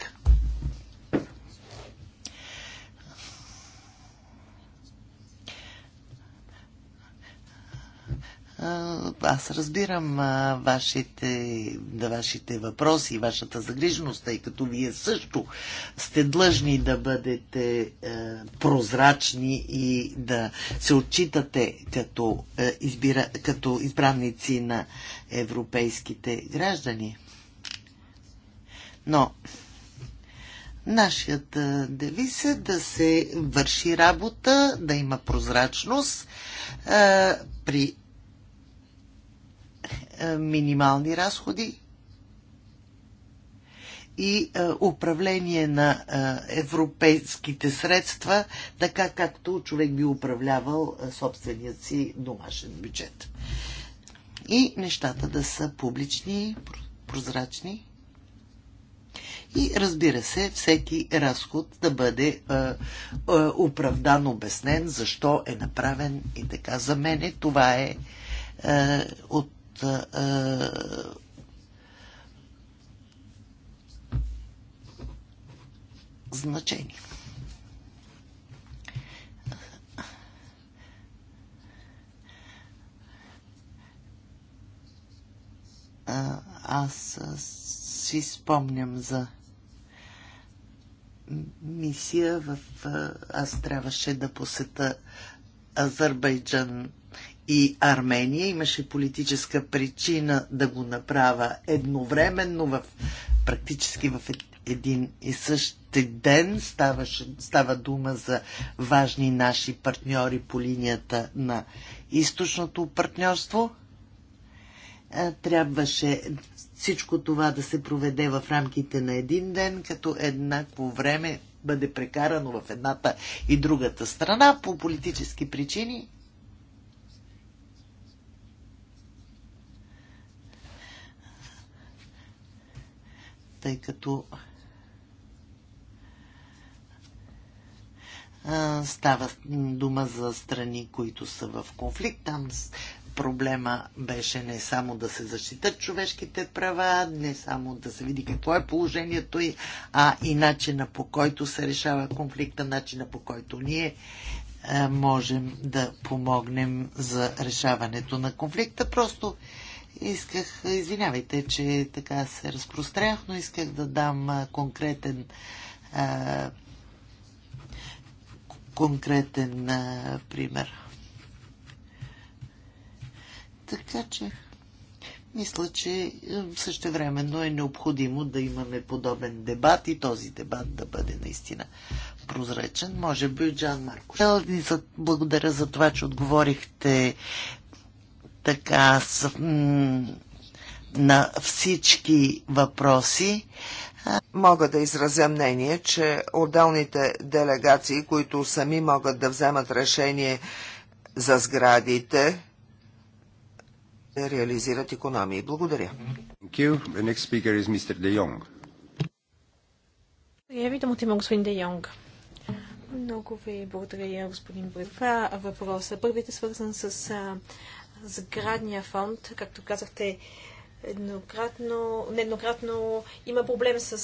S1: Аз разбирам а, вашите, да, вашите въпроси и вашата загриженост, тъй като вие също сте длъжни да бъдете а, е, прозрачни и да се отчитате като, а, е, избира, като избранници на европейските граждани. Но нашият е, девиз е да се върши работа, да има прозрачност при е, минимални разходи и е, управление на е, европейските средства, така както човек би управлявал собственият си домашен бюджет. И нещата да са публични, прозрачни. И разбира се, всеки разход да бъде е, е, оправдан, обяснен, защо е направен и така. За мен това е, е от а, значение. Аз си спомням за мисия в... Аз трябваше да посета Азербайджан и Армения. Имаше политическа причина да го направя едновременно в практически в един и същи ден ставаше, става дума за важни наши партньори по линията на източното партньорство. Е, трябваше всичко това да се проведе в рамките на един ден, като еднакво време бъде прекарано в едната и другата страна по политически причини тъй като става дума за страни, които са в конфликт. Там проблема беше не само да се защитат човешките права, не само да се види какво е положението и, а и начина по който се решава конфликта, начина по който ние можем да помогнем за решаването на конфликта. Просто Исках, извинявайте, че така се разпрострях, но исках да дам конкретен а, конкретен а, пример. Така че, мисля, че същевременно е необходимо да имаме подобен дебат и този дебат да бъде наистина прозрачен. Може би Джан Марко. Благодаря за това, че отговорихте така с, на всички
S3: въпроси. Мога да изразя мнение, че отделните делегации, които сами могат да вземат решение за сградите, да реализират економии. Благодаря. Благодаря
S2: ви, думата господин Де Йонг. Много ви благодаря, господин Брифа. Въпроса. Първият е свързан с сградния фонд, както казахте, еднократно, нееднократно има проблем с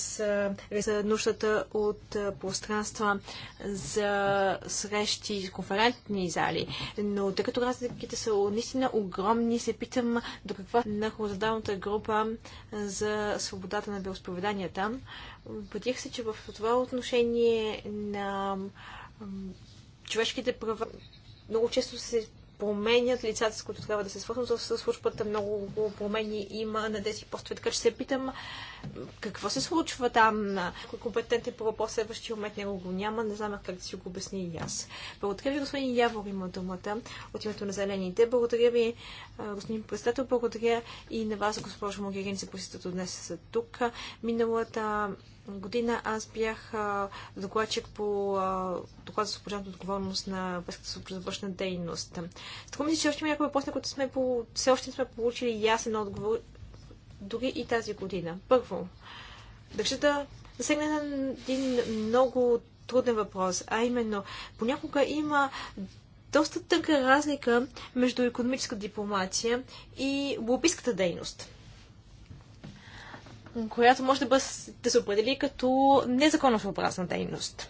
S2: с нуждата от пространства за срещи, конферентни зали. Но тъй като разликите са наистина огромни, се питам до каква на хоризонталната група за свободата на там. Убедих се, че в това отношение на човешките права много често се променят лицата, с които трябва да се свързват с службата. Много промени има на тези постове, така че се питам какво се случва там. Ако компетентен по въпрос следващия момент него го няма, не знам как да си го обясни и аз. Благодаря ви, господин Явор има думата от името на Зелените. Благодаря ви, господин председател. Благодаря и на вас, госпожо Могерин, за посетата днес са тук. Миналата година аз бях а, докладчик по а, доклад за служебната отговорност на връзката с за дейност. Така мисля, се, че още има някои въпроси, на които сме по... все още сме получили ясен отговор дори и тази година. Първо, държа да засегна един много труден въпрос, а именно понякога има доста тънка разлика между економическа дипломация и лобистката дейност която може да, бъде, да се определи като незаконосъобразна дейност.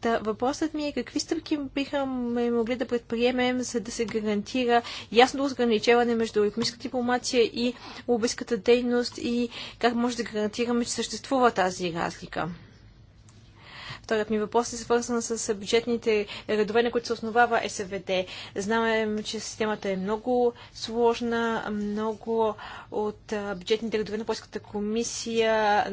S2: Та, въпросът ми е какви стъпки ме могли да предприемем, за да се гарантира ясно разграничаване между економическа дипломация и лобистката дейност и как може да гарантираме, че съществува тази разлика. Вторият ми въпрос е свързан с бюджетните редове, на които се основава СВД. Знаем, че системата е много сложна, много от бюджетните редове на Польската комисия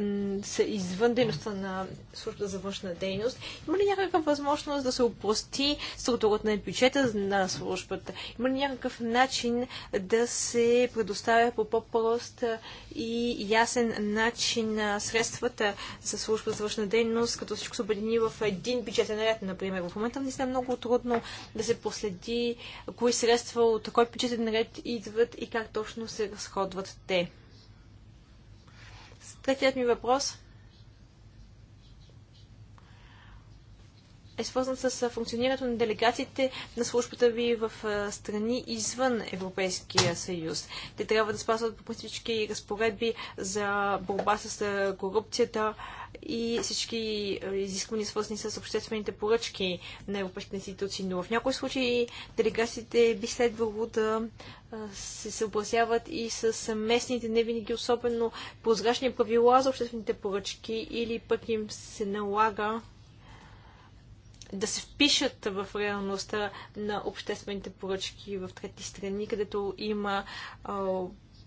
S2: са извън дейността на служба за външна дейност. Има ли някаква възможност да се упрости структурата на бюджета на службата? Има ли някакъв начин да се предоставя по по-прост и ясен начин на средствата за служба за външна дейност, като всичко се дни в един бюджетен ред, например. В момента не е много трудно да се последи кои средства от кой бюджетен ред идват и как точно се разходват те. Третият ми въпрос е свързан с функционирането на делегациите на службата ви в страни извън Европейския съюз. Те трябва да спазват по всички разпоредби за борба с корупцията и всички изисквания, свързани с обществените поръчки на европейските институции. Но в някои случаи делегациите би следвало да се съобразяват и с местните, не винаги особено прозрачни правила за обществените поръчки или пък им се налага да се впишат в реалността на обществените поръчки в трети страни, където има а,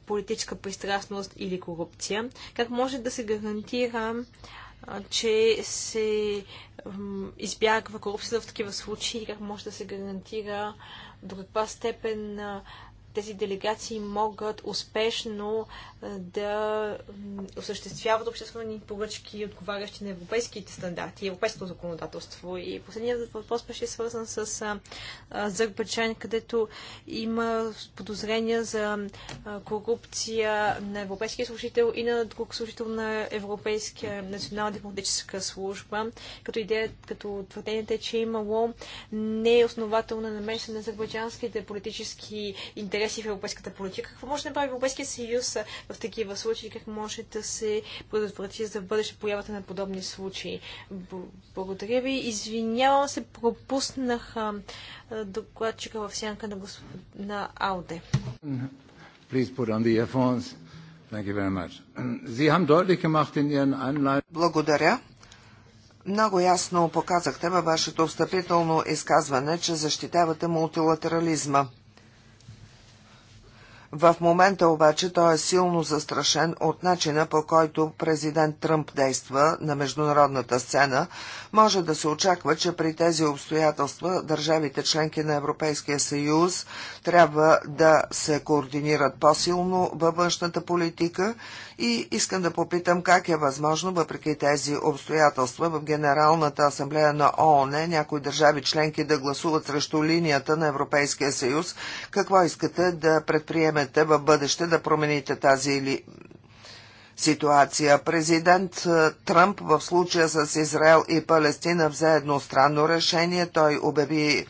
S2: политическа пристрастност или корупция? Как може да се гарантира, а, че се избягва корупцията в такива случаи? Как може да се гарантира до каква степен а, тези делегации могат успешно да осъществяват обществени поръчки, отговарящи на европейските стандарти, европейското законодателство. И последният въпрос беше свързан с Азербайджан, където има подозрения за корупция на европейския служител и на друг служител на Европейския национална дипломатическа служба, като идея, като твърдението е, че е имало неоснователна намеса на азербайджанските политически интереси интереси в европейската политика. Какво може да направи Европейския съюз в такива случаи? Как може да се предотврати за бъдеще появата на подобни случаи? Благодаря ви. Извинявам се, пропуснах докладчика в сянка на, госп... на Ауде.
S3: Благодаря. Много ясно показахте във вашето встъпително изказване, че защитавате мултилатерализма. В момента обаче той е силно застрашен от начина по който президент Тръмп действа на международната сцена. Може да се очаква, че при тези обстоятелства държавите членки на Европейския съюз трябва да се координират по-силно във външната политика и искам да попитам как е възможно, въпреки тези обстоятелства, в Генералната асамблея на ООН някои държави членки да гласуват срещу линията на Европейския съюз. Какво искате да предприемете в бъдеще да промените тази или ситуация. Президент е, Тръмп в случая с Израел и Палестина взе едно странно решение. Той обяви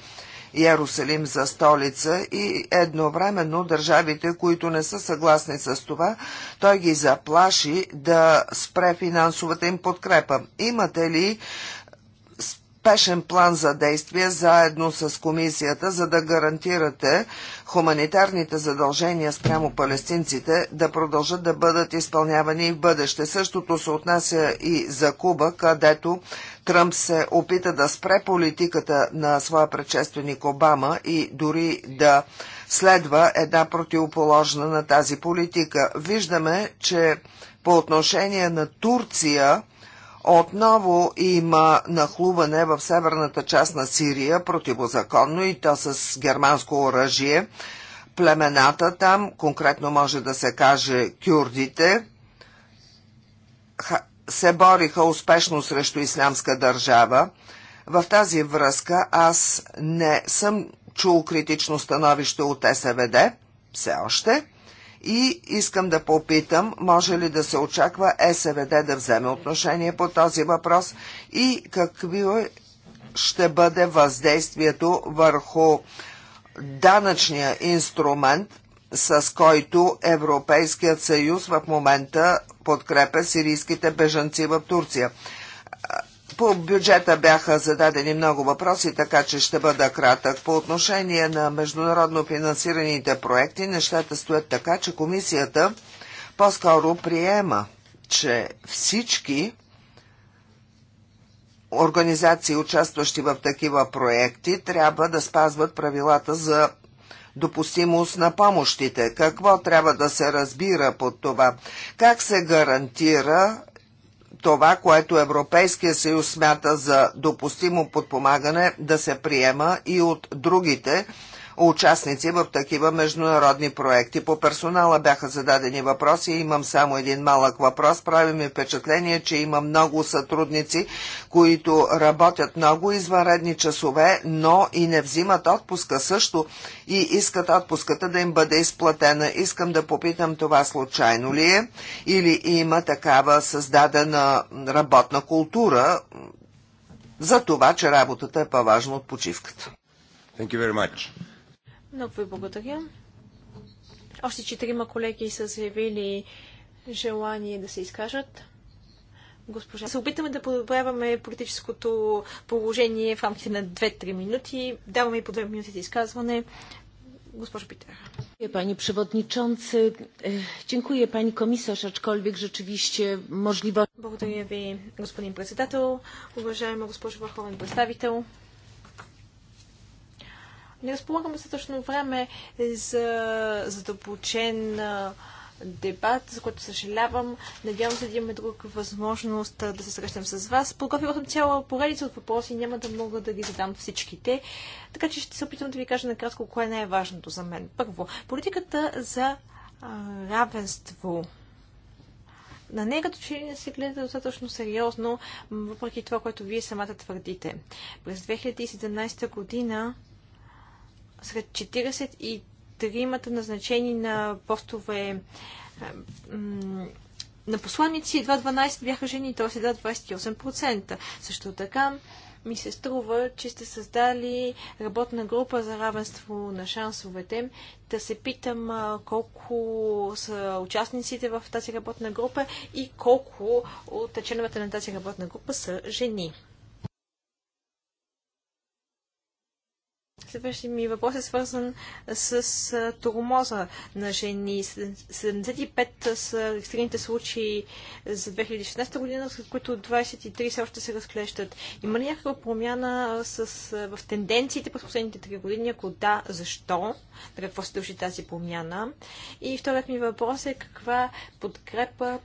S3: Ярусалим за столица и едновременно държавите, които не са съгласни с това, той ги заплаши да спре финансовата им подкрепа. Имате ли спешен план за действие заедно с комисията, за да гарантирате хуманитарните задължения спрямо палестинците да продължат да бъдат изпълнявани и в бъдеще. Същото се отнася и за Куба, където Тръмп се опита да спре политиката на своя предшественик Обама и дори да следва една противоположна на тази политика. Виждаме, че по отношение на Турция, отново има нахлуване в северната част на Сирия противозаконно и то с германско оръжие. Племената там, конкретно може да се каже кюрдите, се бориха успешно срещу ислямска държава. В тази връзка аз не съм чул критично становище от СВД, все още – и искам да попитам, може ли да се очаква СВД да вземе отношение по този въпрос и какви ще бъде въздействието върху данъчния инструмент, с който Европейският съюз в момента подкрепя сирийските бежанци в Турция. По бюджета бяха зададени много въпроси, така че ще бъда кратък. По отношение на международно финансираните проекти, нещата стоят така, че комисията по-скоро приема, че всички организации, участващи в такива проекти, трябва да спазват правилата за допустимост на помощите. Какво трябва да се разбира под това? Как се гарантира това, което Европейския съюз смята за допустимо подпомагане, да се приема и от другите участници в такива международни проекти. По персонала бяха зададени въпроси. Имам само един малък въпрос. Прави ми впечатление, че има много сътрудници, които работят много извънредни часове, но и не взимат отпуска също и искат отпуската да им бъде изплатена. Искам да попитам това случайно ли е или има такава създадена работна култура за това, че работата е по-важна от почивката. Thank you very much.
S2: Много ви благодаря. Още четирима колеги са заявили желание да се изкажат. Госпожа, се опитаме да подобряваме политическото положение в рамките на 2-3 минути. Даваме и по 2 минути за изказване. Госпожа Питера. Panie Przewodniczący, е, dziękuję Pani Komisarz, aczkolwiek rzeczywiście możliwość... Dziękuję Ви, господин председател, уважаема госпожо не разполагаме достатъчно време за задълбочен дебат, за който съжалявам. Надявам се да имаме друга възможност да се срещам с вас. Подготвила съм цяла поредица от въпроси, няма да мога да ги задам всичките. Така че ще се опитам да ви кажа накратко кое е най-важното за мен. Първо, политиката за равенство на нея като че не се гледа достатъчно сериозно, въпреки това, което вие самата твърдите. През 2017 година сред 43-мата назначени на постове е, на посланици, едва 12 бяха жени, т.е. едва 28%. Също така ми се струва, че сте създали работна група за равенство на шансовете. Да се питам колко са участниците в тази работна група и колко от членовете на тази работна група са жени. Следващия ми въпрос е свързан с тормоза на жени. 75 са екстремните случаи за 2016 година, след които 23 все още се разклещат. Има ли някаква промяна с, в тенденциите през последните 3 години? Ако да, защо? На какво се дължи тази промяна? И вторият ми въпрос е каква подкрепа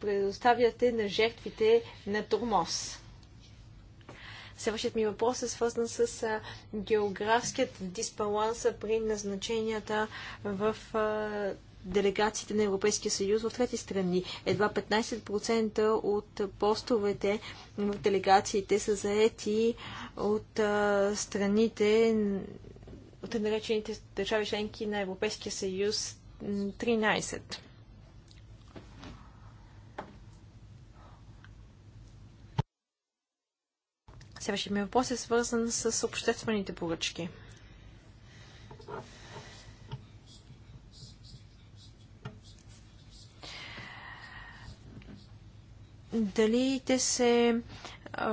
S2: предоставяте на жертвите на тормоз? Следващият ми въпрос е свързан с географският дисбаланс при назначенията в делегациите на Европейския съюз в трети страни. Едва 15% от постовете в делегациите са заети от страните от наречените държави членки на Европейския съюз 13. Следващият ми въпрос е свързан с обществените поръчки. Дали те се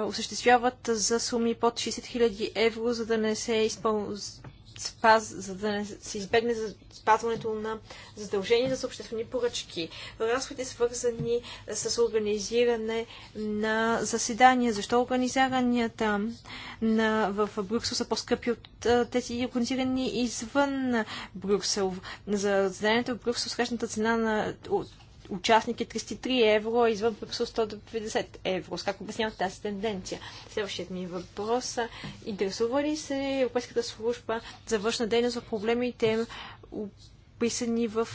S2: осъществяват за суми под 60 000 евро, за да не се изпълнят спаз, за да не се избегне за спазването на задължения за обществени поръчки, разходи свързани с организиране на заседания, защо организиранията на, в Брюксел са по-скъпи от тези организирани извън Брюксел. За заседанието в Брюксел срещната цена на от участник е 33 евро, а извън Брюксел 150 евро. С как обяснявате тази тенденция? Следващият ми въпрос. Интересува ли се Европейската служба за външна дейност в проблемите описани в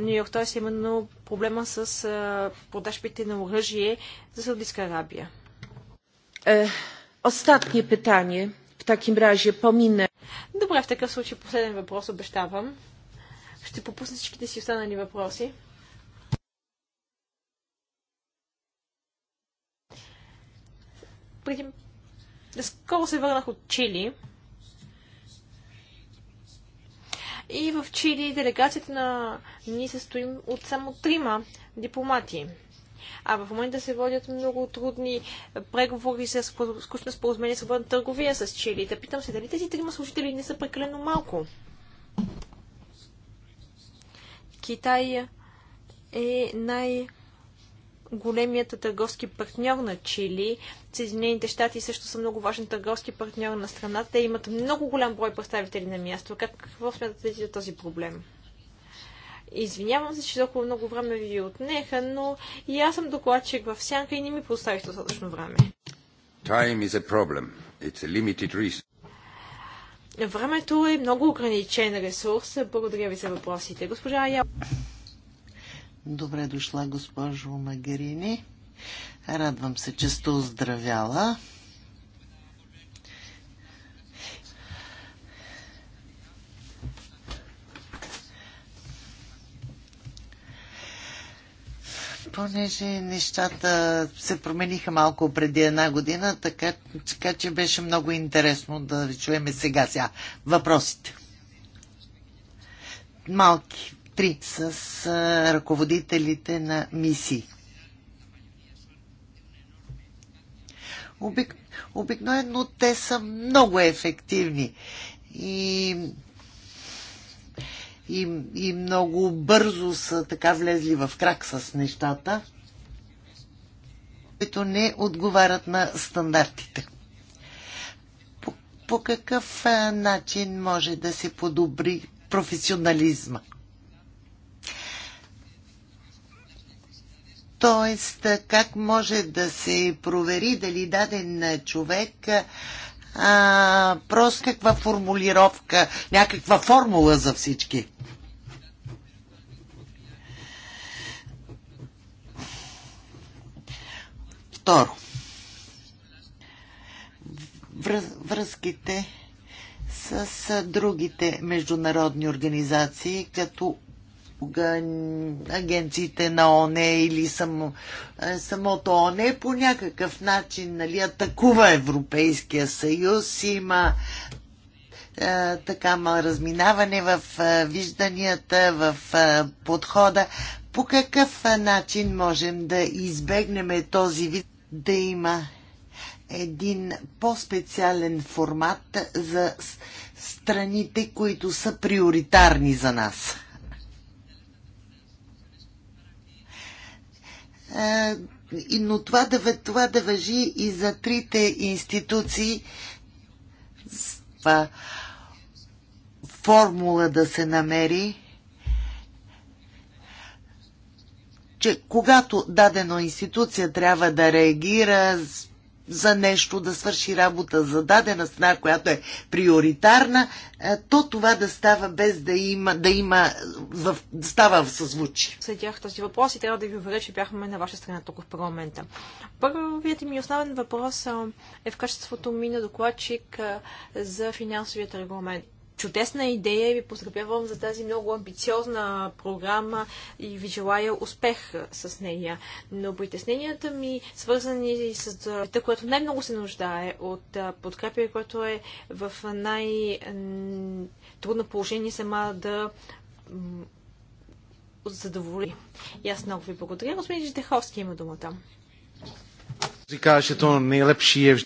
S2: Нью Йорк, т.е. именно проблема с продажбите на оръжие за Саудитска Арабия? Е, питание. В таким разе помине. Добре, в такъв случай последен въпрос обещавам. Ще попусна всичките си останали въпроси. преди... Скоро се върнах от Чили. И в Чили делегацията на ни се стои от само трима дипломати. А в момента се водят много трудни преговори за скучно споразумение върна търговия с Чили. Да питам се, дали тези трима служители не са прекалено малко? Китай е най- големият търговски партньор на Чили. Съединените щати също са много важен търговски партньор на страната. Те имат много голям брой представители на място. Как, какво смятате за този проблем? Извинявам се, че толкова много време ви отнеха, но и аз съм докладчик в сянка и не ми поставих достатъчно време.
S3: Time is a problem.
S2: It's a limited resource. Времето е много ограничен ресурс. Благодаря ви за въпросите. Госпожа Ая...
S1: Добре дошла, госпожо Магерини. Радвам се, че сте оздравяла. понеже нещата се промениха малко преди една година, така, така че беше много интересно да ви чуем сега сега въпросите. Малки, 3 с а, ръководителите на мисии. Обик... Обикновено те са много ефективни и, и, и много бързо са така влезли в крак с нещата, които не отговарят на стандартите по какъв начин може да се подобри професионализма? Тоест, как може да се провери дали даден човек а, просто каква формулировка, някаква формула за всички? Второ. Връзките с другите международни организации, като понякога агенциите на ОНЕ или само, самото ОНЕ по някакъв начин нали, атакува Европейския съюз. Има е, така разминаване в е, вижданията, в е, подхода. По какъв начин можем да избегнем този вид да има един по-специален формат за страните, които са приоритарни за нас? Е, но това да, това да въжи и за трите институции. Това формула да се намери, че когато дадено институция трябва да реагира за нещо, да свърши работа за дадена страна, която е приоритарна, е, то това да става без да има, да има е, в, да става в съзвучи.
S2: Следях този въпрос и трябва да ви уверя, че бяхме на ваша страна тук в парламента. Първият ми основен въпрос е, е в качеството ми на докладчик за финансовият регламент чудесна идея и ви поздравявам за тази много амбициозна програма и ви желая успех с нея. Но притесненията ми, свързани с държавата, което най-много се нуждае от подкрепя, което е в най-трудно положение сама да задоволи. И аз много ви благодаря. Господин Житеховски
S3: има думата. Е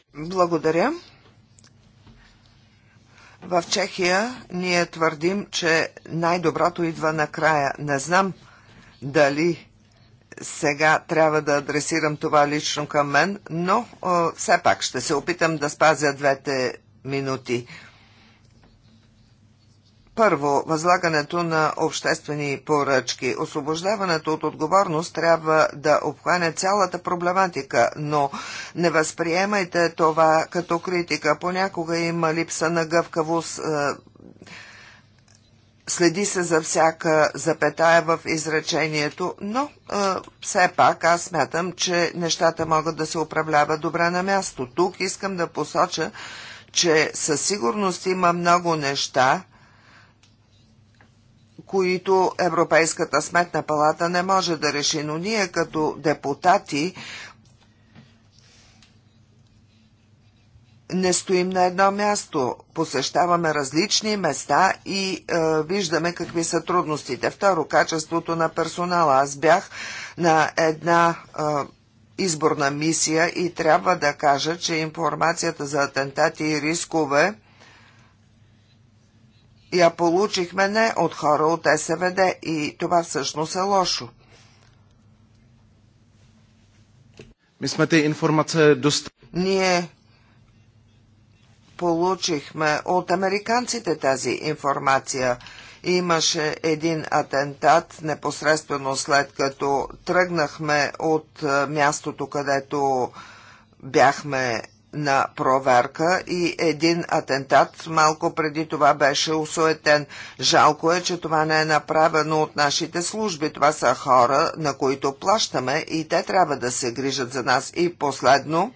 S3: благодаря. В Чехия ние твърдим, че най-доброто идва накрая. Не знам дали сега трябва да адресирам това лично към мен, но все пак ще се опитам да спазя двете минути. Първо, възлагането на обществени поръчки. Освобождаването от отговорност трябва да обхване цялата проблематика, но не възприемайте това като критика. Понякога има липса на гъвкавост. Е, следи се за всяка запетая в изречението, но е, все пак аз смятам, че нещата могат да се управляват добре на място. Тук искам да посоча, че със сигурност има много неща, които Европейската сметна палата не може да реши. Но ние като депутати не стоим на едно място. Посещаваме различни места и е, виждаме какви са трудностите. Второ, качеството на персонала. Аз бях на една е, изборна мисия и трябва да кажа, че информацията за атентати и рискове я получихме не от хора от СВД и това всъщност е лошо. Ние получихме от американците тази информация. Имаше един атентат непосредствено след като тръгнахме от мястото, където бяхме на проверка и един атентат малко преди това беше усуетен. Жалко е, че това не е направено от нашите служби. Това са хора, на които плащаме и те трябва да се грижат за нас. И последно,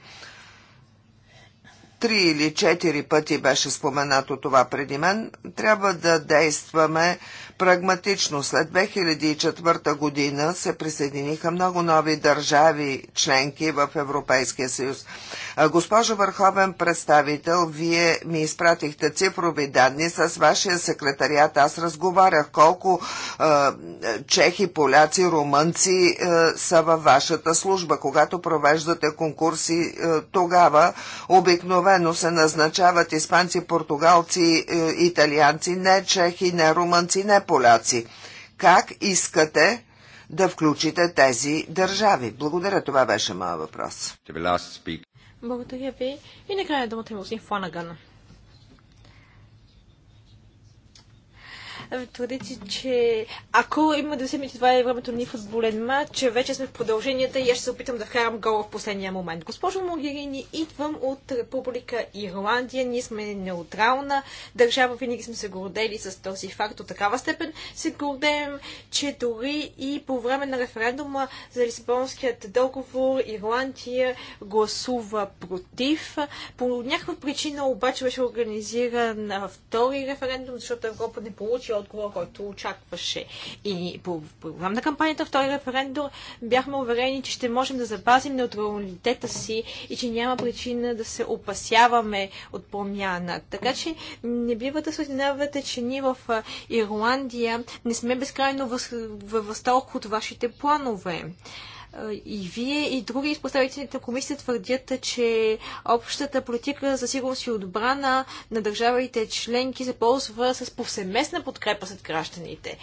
S3: три или четири пъти беше споменато това преди мен, трябва да действаме прагматично. След 2004 година се присъединиха много нови държави членки в Европейския съюз. Госпожо Върховен представител, вие ми изпратихте цифрови данни с вашия секретариат. Аз разговарях колко е, чехи, поляци, румънци е, са във вашата служба. Когато провеждате конкурси, е, тогава обикновено се назначават испанци, португалци, е, италианци, не чехи, не румънци, не поляци. Как искате да включите тези държави? Благодаря, това беше моя въпрос.
S2: Благодаря ви. И накрая думата ми господин Фланаган. Ами, твърдите, че ако има да вземете това е времето ни футболен матч, вече сме в продълженията и аз ще се опитам да вкарам гола в последния момент. Госпожо Могирини, идвам от Република Ирландия. Ние сме неутрална държава, винаги сме се гордели с този факт. от такава степен се гордеем, че дори и по време на референдума за Лисабонският договор Ирландия гласува против. По някаква причина обаче беше организиран втори референдум, защото Европа не получи отговор, който очакваше. И по програм на кампанията втори референдум бяхме уверени, че ще можем да запазим неутралитета си и че няма причина да се опасяваме от промяна. Така че не бива да се че ние в Ирландия не сме безкрайно във възторг от вашите планове. Е, и вие и други представителите на комисия твърдят, че общата политика за сигурност и отбрана на държавите членки се ползва с повсеместна подкрепа сред гражданите.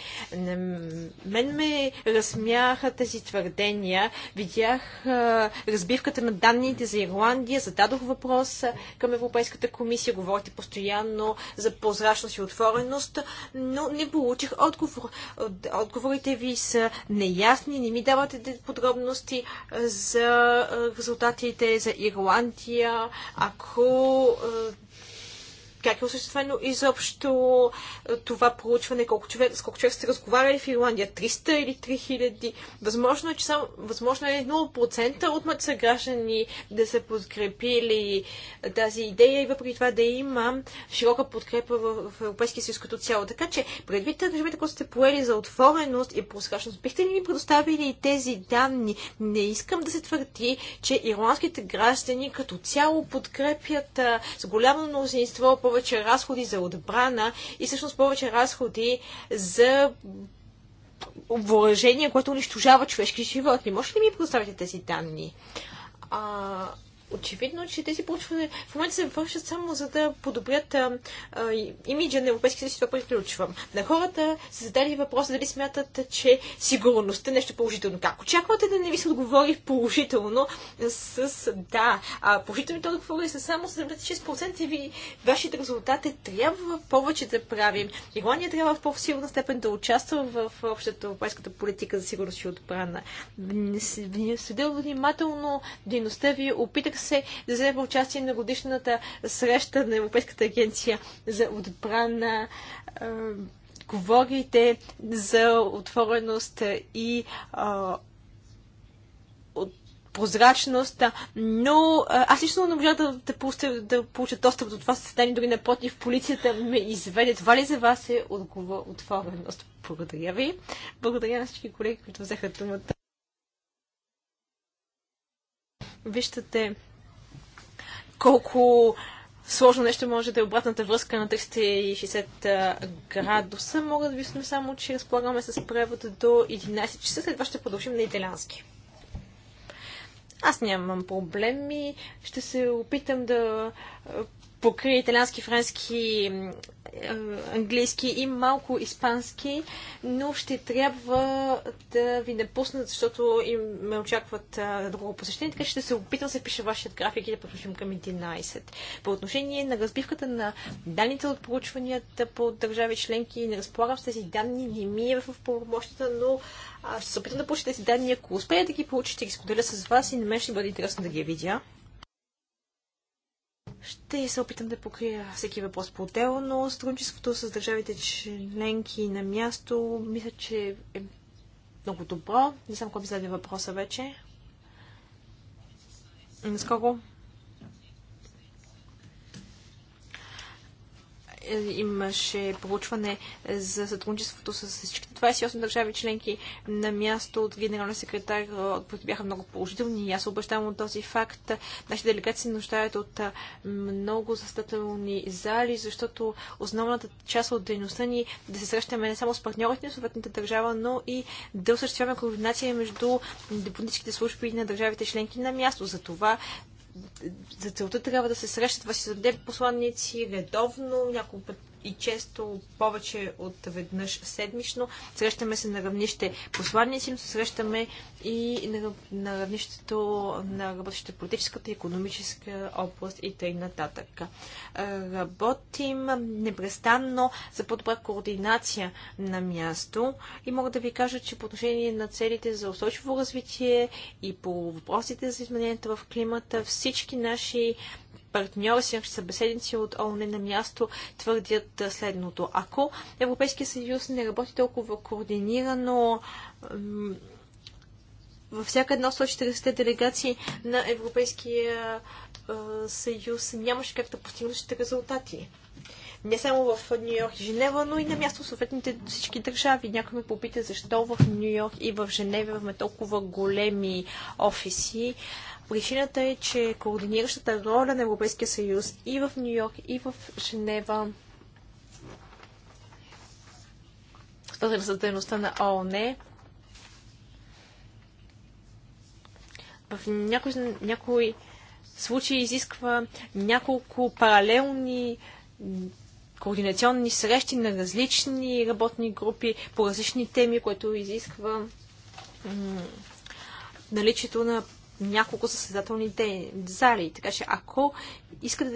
S2: Мен ме размяха тези твърдения. Видях е, разбивката на данните за Ирландия, зададох въпрос към Европейската комисия, говорите постоянно за прозрачност и отвореност, но не получих отговор. Отговорите ви са неясни, не ми давате подробно подробности за резултатите за Ирландия, ако как е осъществено изобщо е, това проучване, колко човек, с колко човек сте разговаряли в Ирландия, 300 или 3000. Възможно е, че само, възможно е 0% от мъд съграждани да са подкрепили е, тази идея и въпреки това да има широка подкрепа в, в Европейския съюз като цяло. Така че, предвид ангажимента, които сте поели за отвореност и прозрачност, бихте ли ни предоставили тези данни? Не искам да се твърди, че ирландските граждани като цяло подкрепят а, е, с голямо мнозинство повече разходи за отбрана и всъщност повече разходи за въоръжение, което унищожава човешки животни. Може ли ми предоставите тези данни? А, Очевидно, че тези проучвания в момента се вършат само за да подобрят а, а, имиджа на Европейския съюз, това приключвам. На хората са задали въпроса дали смятат, че сигурността е нещо положително. Как очаквате да не ви се отговори положително с, с да? А положителните отговори са само 76% и ви, вашият резултат е трябва повече да правим. Ирландия трябва в по-силна степен да участва в, общата европейската политика за сигурност и отбрана. Следя внимателно дейността ви, опитах разбира се, да вземе участие на годишната среща на Европейската агенция за отбрана. Е, говорите за отвореност и прозрачност, но аз лично не можа да, да, получа, да получа достъп до това съседание, дори напротив, полицията ме изведе. Това ли за вас е отговор, отвореност? Благодаря ви. Благодаря на всички колеги, които взеха думата. Виждате колко сложно нещо може да е обратната връзка на 360 градуса. Мога да ви само, че разполагаме с превод до 11 часа, след това ще продължим на италиански. Аз нямам проблеми. Ще се опитам да покрие италиански, френски, е, английски и малко испански, но ще трябва да ви напуснат, защото им ме очакват а, друго посещение, така ще се опитам да се пише вашият график и да продължим към 11. По отношение на разбивката на данните от проучванията по държави членки, не разполагам с тези данни, не ми е в правомощията, но а, ще се опитам да получа тези данни, ако успея да ги получите, ги споделя с вас и на мен ще бъде интересно да ги видя. Ще се опитам да покрия всеки въпрос по но Сътрудничеството с държавите членки на място мисля, че е много добро. Не знам кой би зададе въпроса вече. Наскоро Е, имаше проучване за сътрудничеството с всичките 28 държави членки на място от генералния секретар, които е, бяха много положителни и аз обещавам от този факт. Нашите делегации се нуждаят от е, много застателни зали, защото основната част от дейността ни да се срещаме не само с партньорите на съответната държава, но и да осъществяваме координация между дипломатическите служби на държавите членки на място. За това за целта трябва да се срещат съдебни посланници редовно, няколко път и често повече от веднъж седмично. Срещаме се на равнище посланници, но се срещаме и на, на равнището на работещите политическата, економическа област и т.н. Работим непрестанно за по-добра координация на място и мога да ви кажа, че по отношение на целите за устойчиво развитие и по въпросите за измененията в климата, всички наши партньори, всички събеседници от ООН на място твърдят следното. Ако Европейския съюз не работи толкова координирано, във всяка една от 140 делегации на Европейския съюз нямаше как да постигнат резултати. Не само в Нью Йорк и Женева, но и на място в съответните всички държави. Някой ме попита защо в Нью Йорк и в Женева имаме толкова големи офиси. Причината е, че координиращата роля на Европейския съюз и в Нью Йорк, и в Женева свързана с дейността на ООН, в някои, някои случаи изисква няколко паралелни координационни срещи на различни работни групи по различни теми, което изисква наличието на няколко съседателни зали. Така че ако искате да